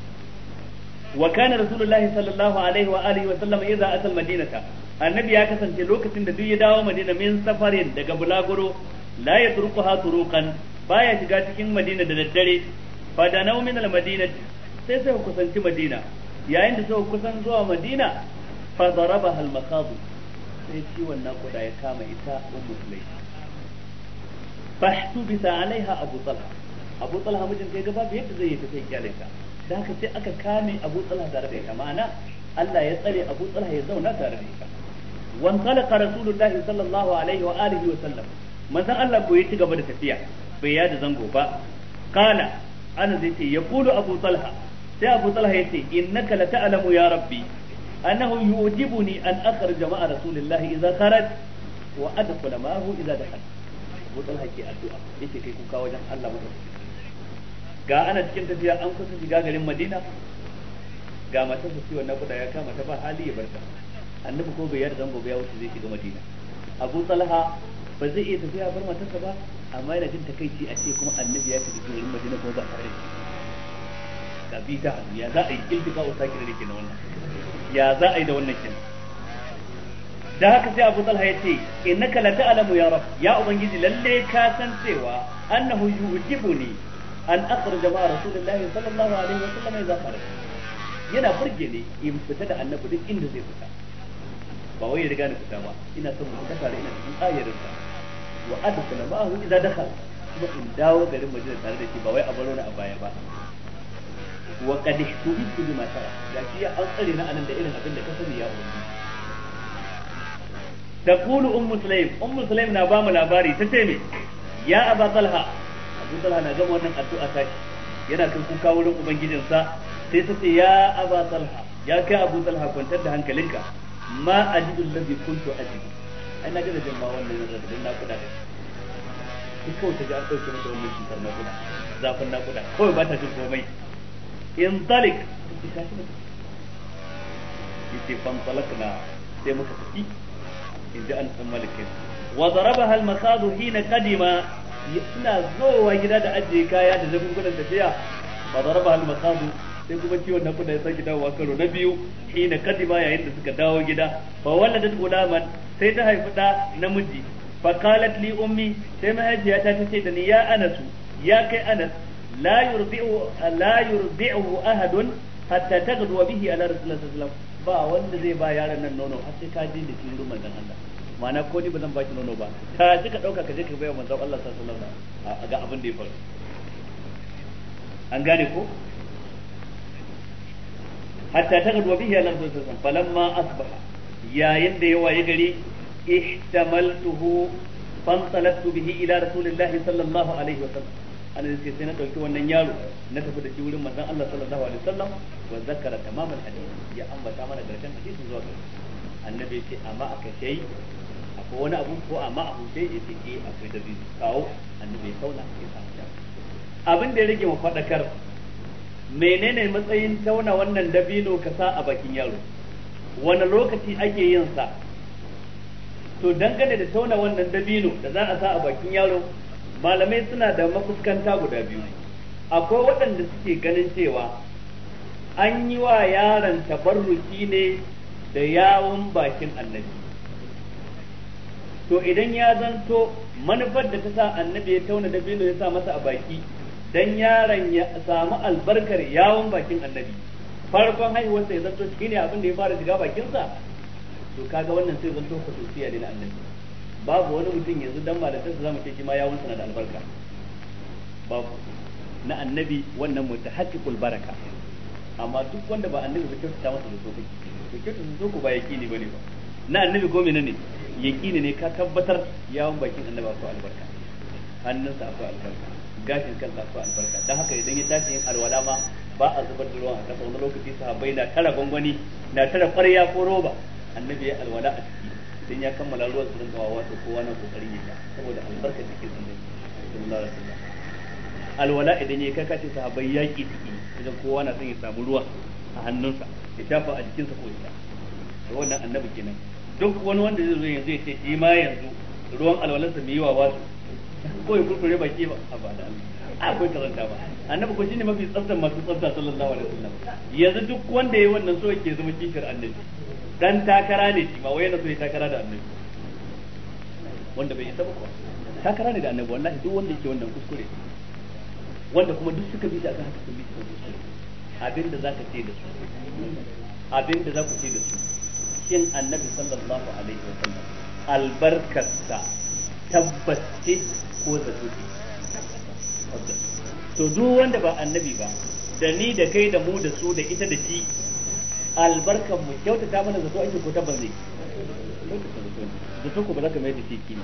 wa kana rasulullahi sallallahu alaihi wa alihi wa sallam idza ata almadinata annabi ya kasance lokacin da duk ya dawo madina min safarin daga bulaguro la yatruquha turuqan baya shiga cikin madina da daddare fa da nau min al sai sai ku kusanci madina yayin da suka kusan zuwa madina fa darabaha al sai ciwon nakuda ya kama ita ummu sulay fahtu bi alaiha abu talha abu talha mijin kai gaba bai yadda zai yi tafi kyalin da haka sai aka kame abu talha tare da ita ma'ana Allah ya tsare abu talha ya zauna tare da ita wan talaqa rasulullahi sallallahu alaihi wa alihi wa sallam manzon Allah ko ya ci gaba da tafiya bai yada zango ba kala ana zai ce ya kulu abu talha sai abu talha ya ce innaka la ta'lamu ya rabbi annahu yujibuni an akhrija ma'a rasulillahi idza kharaj wa adkhula ma'ahu idza dakhal abu talha ke addu'a yace kai kuka wajen Allah maka ga ana cikin tafiya an kusa shiga garin Madina ga matar su ciwon nakuda ya kama ta ba hali ya barka annabi ko bai yarda zango ba ya wuce zai shiga Madina abu talha ba zai iya tafiya bar matarsa ba amma yana jin takaici a ce kuma annabi ya tafi wurin madina kuma ba tare da shi ka ta hannu ya za a yi iltifa wa sakira da kenan wannan ya za a yi da wannan kenan da haka sai Abu Talha ya ce innaka la ta'lamu ya rab ya ubangiji lalle ka san cewa annahu yu'jibuni an akhrij ma rasulillahi sallallahu alaihi wasallam idza kharaja yana burge ne in fita da annabi duk inda zai fita ba wai ya riga ni fita ba ina son mu fita tare ina cikin ayarin sa wa adkhula ma'ahu idza dakhala kuma in dawo garin Madina tare da shi ba wai a baro na a baya ba wa qad ihtubitu bima tara da shi an tsare na anan da irin abin da ka sani ya da kulu ummu sulaim ummu sulaim na ba mu labari tace me ya aba talha abu talha na gama wannan addu'a ta yana kan kawo wurin ubangijinsa sai tace ya aba talha ya kai abu talha kwantar da hankalinka ma ajidu allazi kuntu ajidu ai na gaza jin ma wannan zazzabin naƙuda ne duk kawai ta ji an ɗauke mata wannan cutar naƙuda zafin naƙuda kawai ba ta jin komai in zalik ta shi mata yace fan talakna sai muka tafi in ji an san malikin wa zarabaha al masadu hina qadima suna zowa gida da ajiye kaya da jagungunan tafiya fa zarabaha al masadu sai kuma ciwon na kuda ya sake dawowa karo na biyu hina kadima yayin da suka dawo gida fa walladat gulaman sai ta haifi da namiji fa qalat li ummi sai mahaifiyata ta ce da ni ya anas ya kai anas la yurbi'u la yurbi'u ahadun hatta tagdu bihi ala rasulullah sallallahu alaihi wasallam ba wanda zai ba yaron nan nono har sai ka je da shi rumman dan Allah ma'ana ko ni ba zan baki nono ba ta ji ka dauka ka je ka bayar manzon Allah sallallahu alaihi wasallam ga abin da ya faru an gane ko hatta ta bihi ala Allah sallallahu alaihi wasallam falamma asbaha yayin da ya waye gari ihtamaltuhu fantalatu bihi ila rasulillahi sallallahu alaihi wasallam an sai sai na dauki wannan yaro na tafi da shi wurin manzon Allah sallallahu alaihi wasallam wa zakara tamamal hadisi ya ambata mana garkan hadisin zuwa ga annabi ce amma aka sai akwai wani abu ko amma abu sai ya ce eh akwai da biyu kawo annabi ya tauna ya samu da abin da ya rage mu fadakar menene matsayin tauna wannan dabino ka sa a bakin yaro wani lokaci ake yin sa to dangane da tauna wannan dabino da za a sa a bakin yaro malamai suna da mafuskanta guda biyu akwai waɗanda suke ganin cewa an yi wa yaron tabarruki ne da yawon bakin annabi to idan ya zanto manufar da ta sa annabi ya tauna dabino ya sa masa a baki don yaron ya samu albarkar yawon bakin annabi farkon haihuwar sa ya shi ne abin da ya fara shiga bakin sa to kaga wannan sai zanto su siya na annabi babu wani mutum yanzu dan malatin sa zamu ce shi ma ya wunsa na da albarka babu na annabi wannan mutahaqqiqul baraka amma duk wanda ba annabi ba kyautata masa da sofi to kyautata so ku ba yaqini bane ba na annabi ko menene yaqini ne ka tabbatar yawon bakin annabi ko albarka hannunsa akwai albarka gashin kansa akwai albarka dan haka idan ya tashi yin alwala ma ba a zubar da ruwan a kasa wani lokaci sahabbai na tara gwangwani na tara kwarya ko roba annabi ya alwala a ciki idan ya kammala ruwan su rinka wawa to kowa na kokarin ya sha saboda albarkar da ke sallallahu alwala idan ya kai kace sahabbai yaki ciki idan kowa na son ya samu ruwa a hannunsa ya shafa a jikinsa ko ya sha to wannan annabi kenan duk wani wanda zai zo yanzu ya ce shi ma yanzu ruwan alwalansa mai yi wa wasu ko ya kurkure baki ba a ba da Allah akwai karanta ba annabi ko shine mafi tsafta masu tsafta sallallahu alaihi wasallam yanzu duk wanda yayi wannan so yake zama kishir annabi dan takara ne shi ba wai yana so ya takara da annabi wanda bai isa ba ko takara ne da annabi wallahi duk wanda yake wannan kuskure wanda kuma duk suka bi shi akan haka suka bi shi kuskure abinda zaka ce da su abinda za ku ce da su shin annabi sallallahu alaihi wasallam albarkarsa tabbace ko zato ce to duk wanda ba annabi ba da ni da kai da mu da su da ita da shi albarkan mu mana zato ake ko zato ko ba za ka mai da shi kini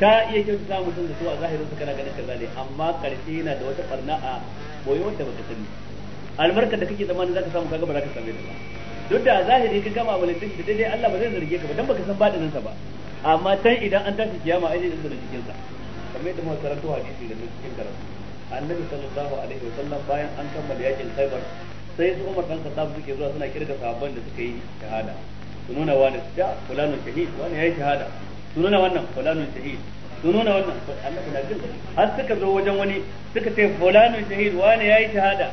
ka iya mutum zato a zahirin su kana ganin kaza ne amma karshe yana da wata barna a boye wanda sani da kake samu kaga ba za ka same ta ba duk da zahiri ka da daidai Allah ba zai zarge ka ba dan baka san badanin ba amma idan an tashi kiyama ai zai zarge kamar yadda muka karanto hadisi da cikin karatu annabi sallallahu alaihi wa sallam bayan an kammala yakin khaybar sai su Umar dan Khattab suke zuwa suna kirga sahabban da suka yi shahada su nuna wani da ah, fulanun shahid wani yayi shahada su nuna wannan fulanun shahid su nuna wannan annabi na jin har suka zo wajen wani suka ce fulanun shahid wani yayi shahada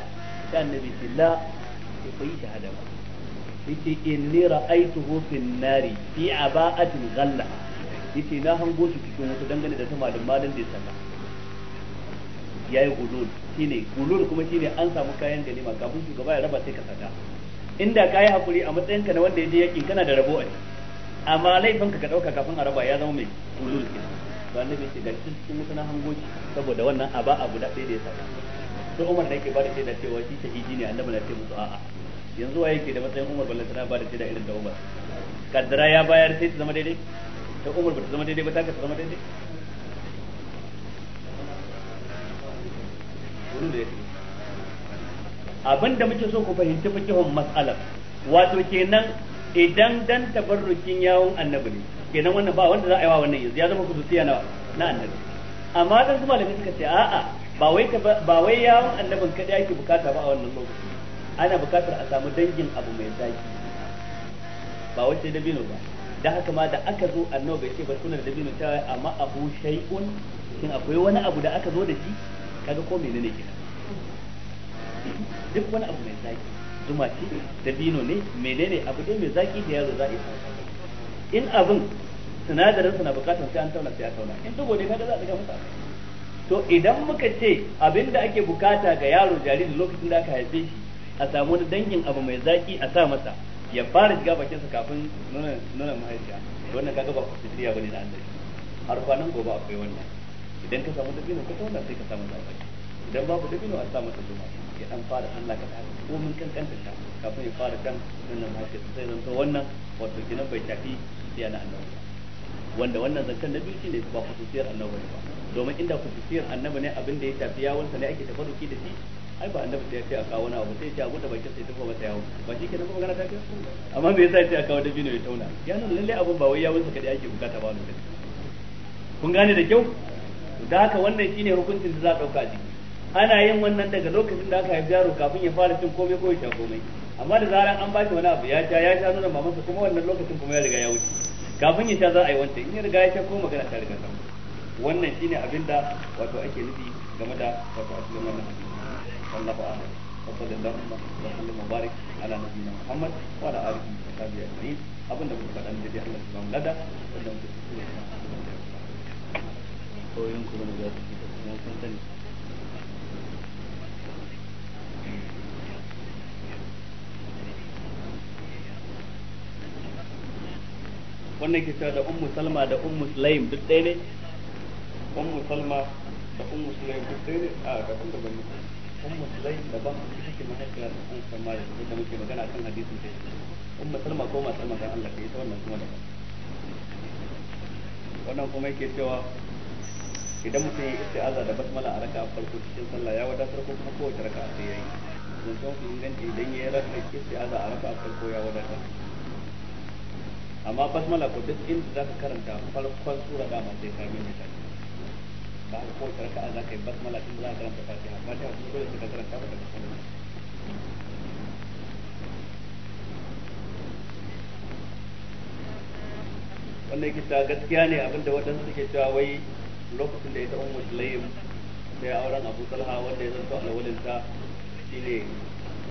sai annabi sallallahu alaihi wa sallam shahada ba yace inni ra'aytuhu fin nari fi aba'atin ghalla yace na hango shi cikin wata dangane da ta malam malam da ya ya yayi gulul shine gulul kuma shine an samu kayan ganima kafin shugaba ya raba sai ka saka inda ka yi hakuri a matsayin ka na wanda ya je yakin kana da rabo a amma laifin ka ka dauka kafin a raba ya zama mai gulul ke ba ne ce ga cikin wata na hango shi saboda wannan aba abu da sai da ya saka to Umar da yake ba da shaida cewa shi shahidi ne annabi na ce musu a'a yanzu waye yake da matsayin Umar ballan sana ba da shaida irin da Umar kaddara ya bayar sai ta zama daidai ta umar ba ta zama daidai ba ta kasa zama daidai da abin da muke so ku fahimci fikihun mas'alar wato kenan idan dan tabarrukin yawon annabi ne kenan wannan ba wanda za a yi wa wannan yanzu ya zama kususiya na na annabi amma dan kuma da suka ce a'a ba wai ba wai yawon annabin kada yake bukata ba a wannan lokaci ana bukatar a samu dangin abu mai zaki ba wacce dabino ba da haka ma da aka zo annabi bai ce bar sunan da binu cewa amma abu shay'un shin akwai wani abu da aka zo da shi kaga ko menene kira duk wani abu mai zaki zuma ce da bino ne menene abu dai mai zaki da yaro zai in abin sinadarin suna bukatar sai an tauna sai ya tauna in dubo ne kaga za a ga masa to idan muka ce abinda ake bukata ga yaro jariri lokacin da aka haife shi a samu wani dangin abu mai zaki a sa masa ya fara shiga bakin sa kafin nuna nuna mahaifiya wannan kaga ba kusurciya bane na Allah har kwanan gobe akwai wannan idan ka samu dabino ka tauna sai ka samu zafi idan babu dabino a samu ta zuma ya dan fara Allah ka ta komin kankanta ta kafin ya fara kan nuna mahaifiya sai zan to wannan wato kinan bai tafi sai na Allah wanda wannan zancen na biyu ne ba kusurciyar annabi ba domin inda kusurciyar annabi ne abin da ya tafi yawansa ne ake tafaruki da shi ai ba annabi sai ya ce a kawo wani abu sai ya ce abu da bakin sai tafi masa yawo ba shi kenan magana ta kai amma me yasa ya ce a kawo dabino ya tauna ya nuna lalle abun ba wai yawon sa kadai ake bukata ba lokaci kun gane da kyau da haka wannan shine hukuncin da za a dauka a jiki ana yin wannan daga lokacin da aka haifi yaro kafin ya fara cin komai ko ya sha komai amma da zaran an ba shi wani abu ya sha ya sha nuna sa kuma wannan lokacin kuma ya riga ya wuce kafin ya sha za a yi wancan in ya riga ya sha ko magana ta riga ta wannan shine abinda wato ake nufi game da wato cikin wannan hadisi والله اعلم وصلى اللهم وسلم وبارك على نبينا محمد وعلى اله وصحبه اجمعين abinda muka faɗa da dai Allah subhanahu lada wanda kuma wannan ke da ummu salma da ummu sulaim duk ɗaya ne ummu salma da ummu sulaim duk ɗaya ne a ga bane ummu sulai da magana kan hadisin ta salma ko Allah kuma wannan idan mutum ya aza da basmala a raka'a farko cikin sallah ya wadatar ko kuma kowace raka'a sai yayi don to fi inganci idan ya raka isti'aza a raka'a farko ya wadatar amma basmala ko duk inda zaka karanta farkon sura da ma sai ka ba ko wace raka'a za yi basmala tun za a karanta fatiha fatiha kuma dole sai ka ba wannan kisa gaskiya ne abinda waɗansu suke cewa wai lokacin da ita ummu sulaim sai auren abu talha wanda ya zanto alwalinta shine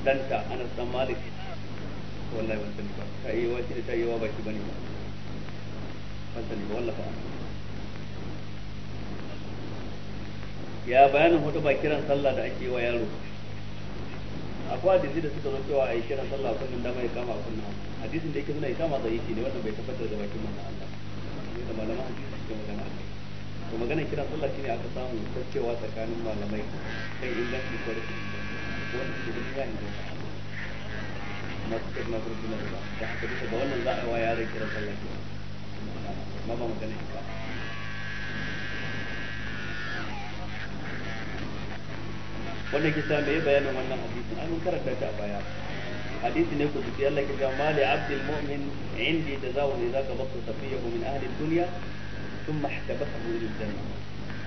danta ana san malik wallahi wancan ta yi wa shi da ta yi wa ba shi bane ba wancan ba wallahi ba ya bayanin hudu ba kiran sallah da ake wa yaro akwai hadisi da suka zo cewa a yi kiran sallah kullum dama ya kama kullum hadisin da yake nuna ya kama zai yake ne wanda bai tabbatar da bakin manzon Allah ne da malaman hadisi suke magana a kai to magana kiran sallah shine aka samu tacewa tsakanin malamai kan inganci ko rashin wanda suke da ya inganta masu kai na kurkuna da haka duka da wannan za a yi wa yaran kiran sallah ke ma ba magana ya wannan kisa mai bayanin wannan hadisi an karanta shi a baya hadisi ne ku dubi Allah kisa ma mali abdul mu'min indi jazawun idza qabata safiyahu min ahli dunya thumma ihtabasahu ila janna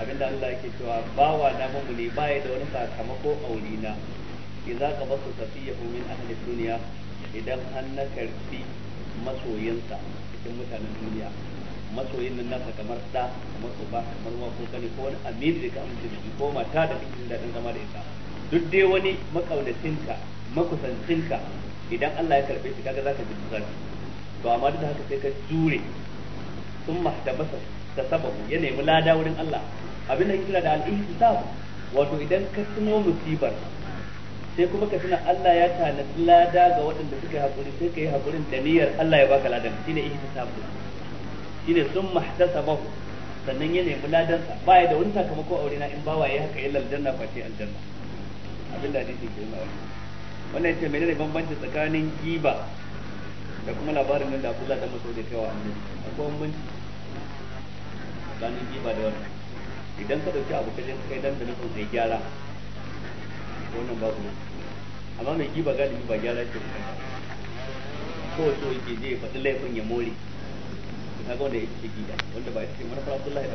abinda Allah yake cewa bawa na mu'mini baya da wani sakamako aure na idza qabata safiyahu min ahli dunya idan an na karfi masoyinsa cikin mutanen duniya masoyin nan nasa kamar da kamar uba kamar wa ko kane ko wani amir da ka amince da shi ko mata da kake jin daɗin zama da ita duk dai wani makaunacinka makusancinka idan Allah ya karbe shi kaga zaka ji zafi to amma duk da haka sai ka jure sun mahtabasa ta sababu ya nemi lada wurin Allah abin da kira da al-ihtisab wato idan ka tuno musibar sai kuma ka tuna Allah ya tanadi lada ga waɗanda suka yi hakuri sai ka yi hakurin da niyyar Allah ya baka ladan shine ihtisab shine sun mahdasa sannan ya nemi ladansa baya da wani sakamako aure na in yi haka illa aljanna ba ce aljanna abin da hadisi ke nuna wannan yace menene bambanci tsakanin giba da kuma labarin nan da Abdullah dan Mas'ud ya kaiwa annabi akwai bambanci tsakanin giba da wannan idan ka dauki abu kaje kai dan da na kai gyara wannan ku amma mai giba galibi ba gyara yake bukata kawai so yake je ya faɗi laifin ya more to kaga wanda yake gida wanda ba cikin wani dan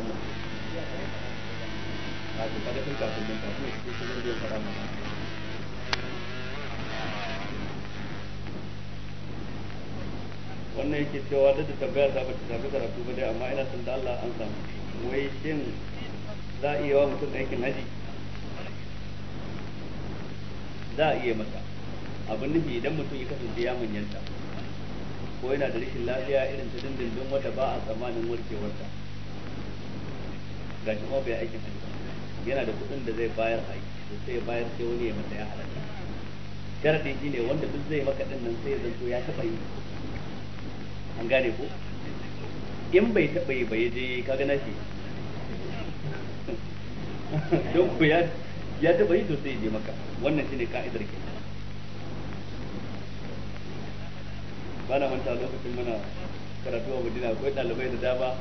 wannan yake cewa da tambayar ta bata tafi karatu ba dai amma ina son da Allah an samu wai shin za a iya wa mutum aikin haji za a iya masa abin nufi idan mutum ya kasance ya manyanta ko yana da rashin lafiya irin ta dindindin wata ba a tsammanin warkewarta gashi kuma bai aikin hajji yana da kuɗin da zai bayar a da sai bayar sai wani ya mata ya halatta sharadi ne wanda duk zai maka din nan sai ya zanto ya taɓa yi an gane ko in bai taɓa yi bai je ka ga nashi don ku ya taɓa yi to sai ya je maka wannan shine ka'idar kenan ba na manta lokacin mana karatu a Madina akwai dalibai da dama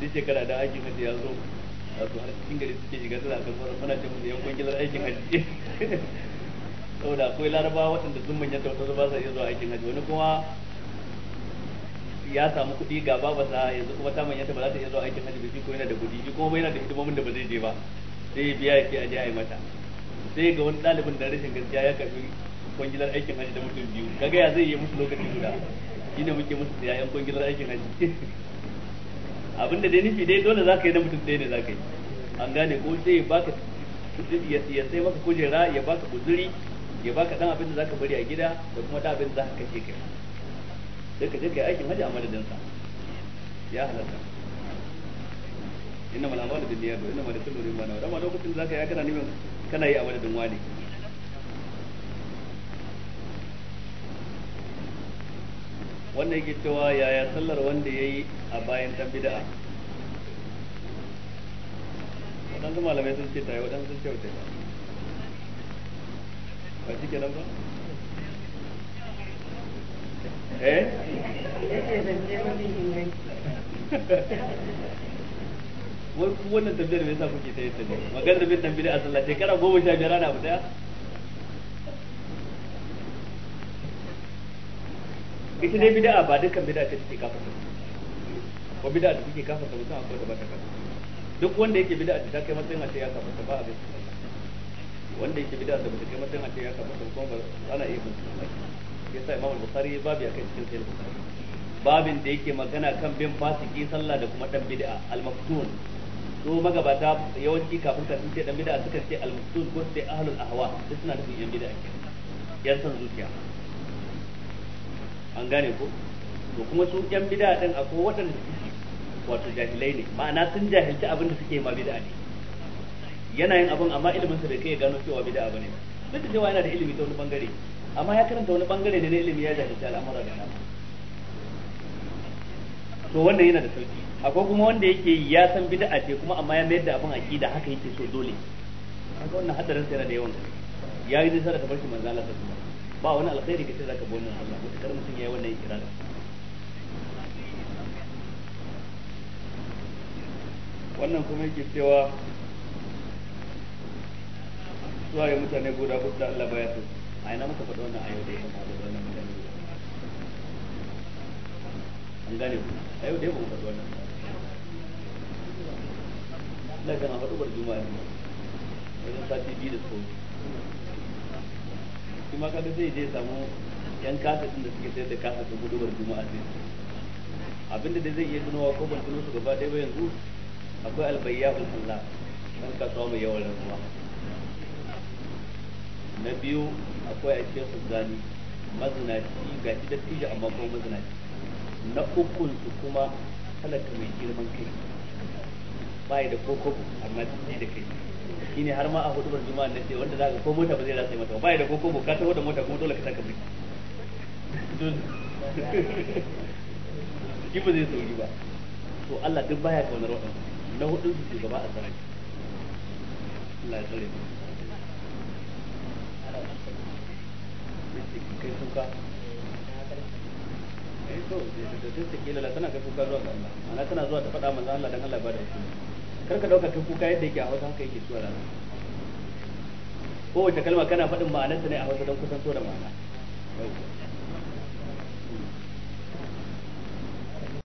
duk shekara da aikin hajji ya zo wato har cikin gari suke shiga suna kan sauran muna ce musu yankon gilar aikin hajji saboda akwai laraba waɗanda sun manya ta wata ba sa iya zuwa aikin hajji wani kuma ya samu kuɗi ga sa yanzu kuma ta manya ta ba za ta iya zuwa aikin hajji ba shi ko yana da kuɗi shi kuma bai yana da hidimomin da ba zai je ba sai ya biya ya ce a je a yi mata sai ga wani ɗalibin da rashin gaskiya ya karɓi kwangilar aikin haji da mutum biyu kaga ya zai yi musu lokaci guda shine muke musu da yayan kwangilar aikin haji abinda dai nufi dai dole zaka yi na mutum ɗaya ne zaka yi an gane ko sai ya baka ya sai maka kujera ya baka kuzuri ya baka dan abin da zaka bari a gida da kuma da abin da zaka kace kai sai ka je kai aikin haji a madadin sa ya halatta inna mal amalu bin niyyati inna mal kullu rimana da ma lokacin da zaka yi kana neman kana yi a madadin wani wannan yake cewa yaya sallar wanda ya yi a bayan ta bid'a waɗansu malamai sun ce tayi waɗansu sun ce wata ba shi kenan ba eh wannan tafiyar me yasa kuke ta yi ta ne maganar bin tambida a sallah shekara goma sha biyar ana abu daya ita dai bid'a ba dukkan bid'a ce take kafa ko bid'a da take kafa ta mutum akwai da ba ta kafa duk wanda yake bid'a ta kai matsayin a ce ya kafa ta ba a bai wanda yake bid'a da mutum kai matsayin a ce ya kafa ta kuma ba ana iya bincike sai Imam Bukhari babu ya kai cikin sai Bukhari babin da yake magana kan bin fasiki sallah da kuma dan bid'a al-maftun to magabata yawanci kafin kafin ce dan bid'a suka ce al-maftun ko sai ahlul ahwa duk suna nufin yan bid'a yan san zuciya an gane ko to kuma su yan bid'a din akwai waɗanda wato jahilai ne ma'ana sun jahilci abin da suke ma bid'a ne yana yin abin amma ilimin sa da kai gano cewa bid'a bane duk da cewa yana da ilimi ta wani bangare amma ya karanta wani bangare ne na ilimi ya jahilci al'amura da nama to wannan yana da sauki akwai kuma wanda yake ya san bid'a ce kuma amma ya mayar da abin akida haka yake so dole kaga wannan hadarin sa yana da yawan ya yi nasara ta barki manzo Allah sallallahu ba wani alkhairi kace zaka bi wannan Allah mutakar mutun yayi wannan ikirarin wannan kuma yake cewa zuwa ya mutane guda ku da Allah baya so a ina muka faɗi wannan ayo da ya kama da wannan mutane an gane ku a da ya ba mu faɗi wannan Allah kana faɗi bar juma'a ne wajen sati biyu da sauki shi ma kada zai je samu yan kasatin da suke sayar da ta gudubar juma'a sai abinda da zai iya tunowa ko ban tuno su gaba ɗaya ba yanzu akwai albayya ulfalla ɗan kasuwa mai yawan rantsuwa na biyu akwai a cikin zani mazinaci ga shi da tija amma kuma mazinaci na ukun su kuma talaka mai girman kai ba da kokobo amma tije da kai shine har ma a hudubar juma'a da ce wanda zaka ko mota ba zai rasa mata ba ya da koko ko ka taho da mota kuma dole ka saka biki shi ba zai sauri ba to Allah duk baya kaunar waɗanda na hudun su ce gaba a sarari Allah ya tsare kai kuka eh to da ta kila lalata tana kai kuka zuwa ga Allah ana tana zuwa ta fada manzo Allah dan Allah ba da hukuma kar ka dauka ta kuka yadda yake a hausa haka yake suwa rana kowace kalma kana faɗin ma'anarsa ne a hausa don so da ma'ana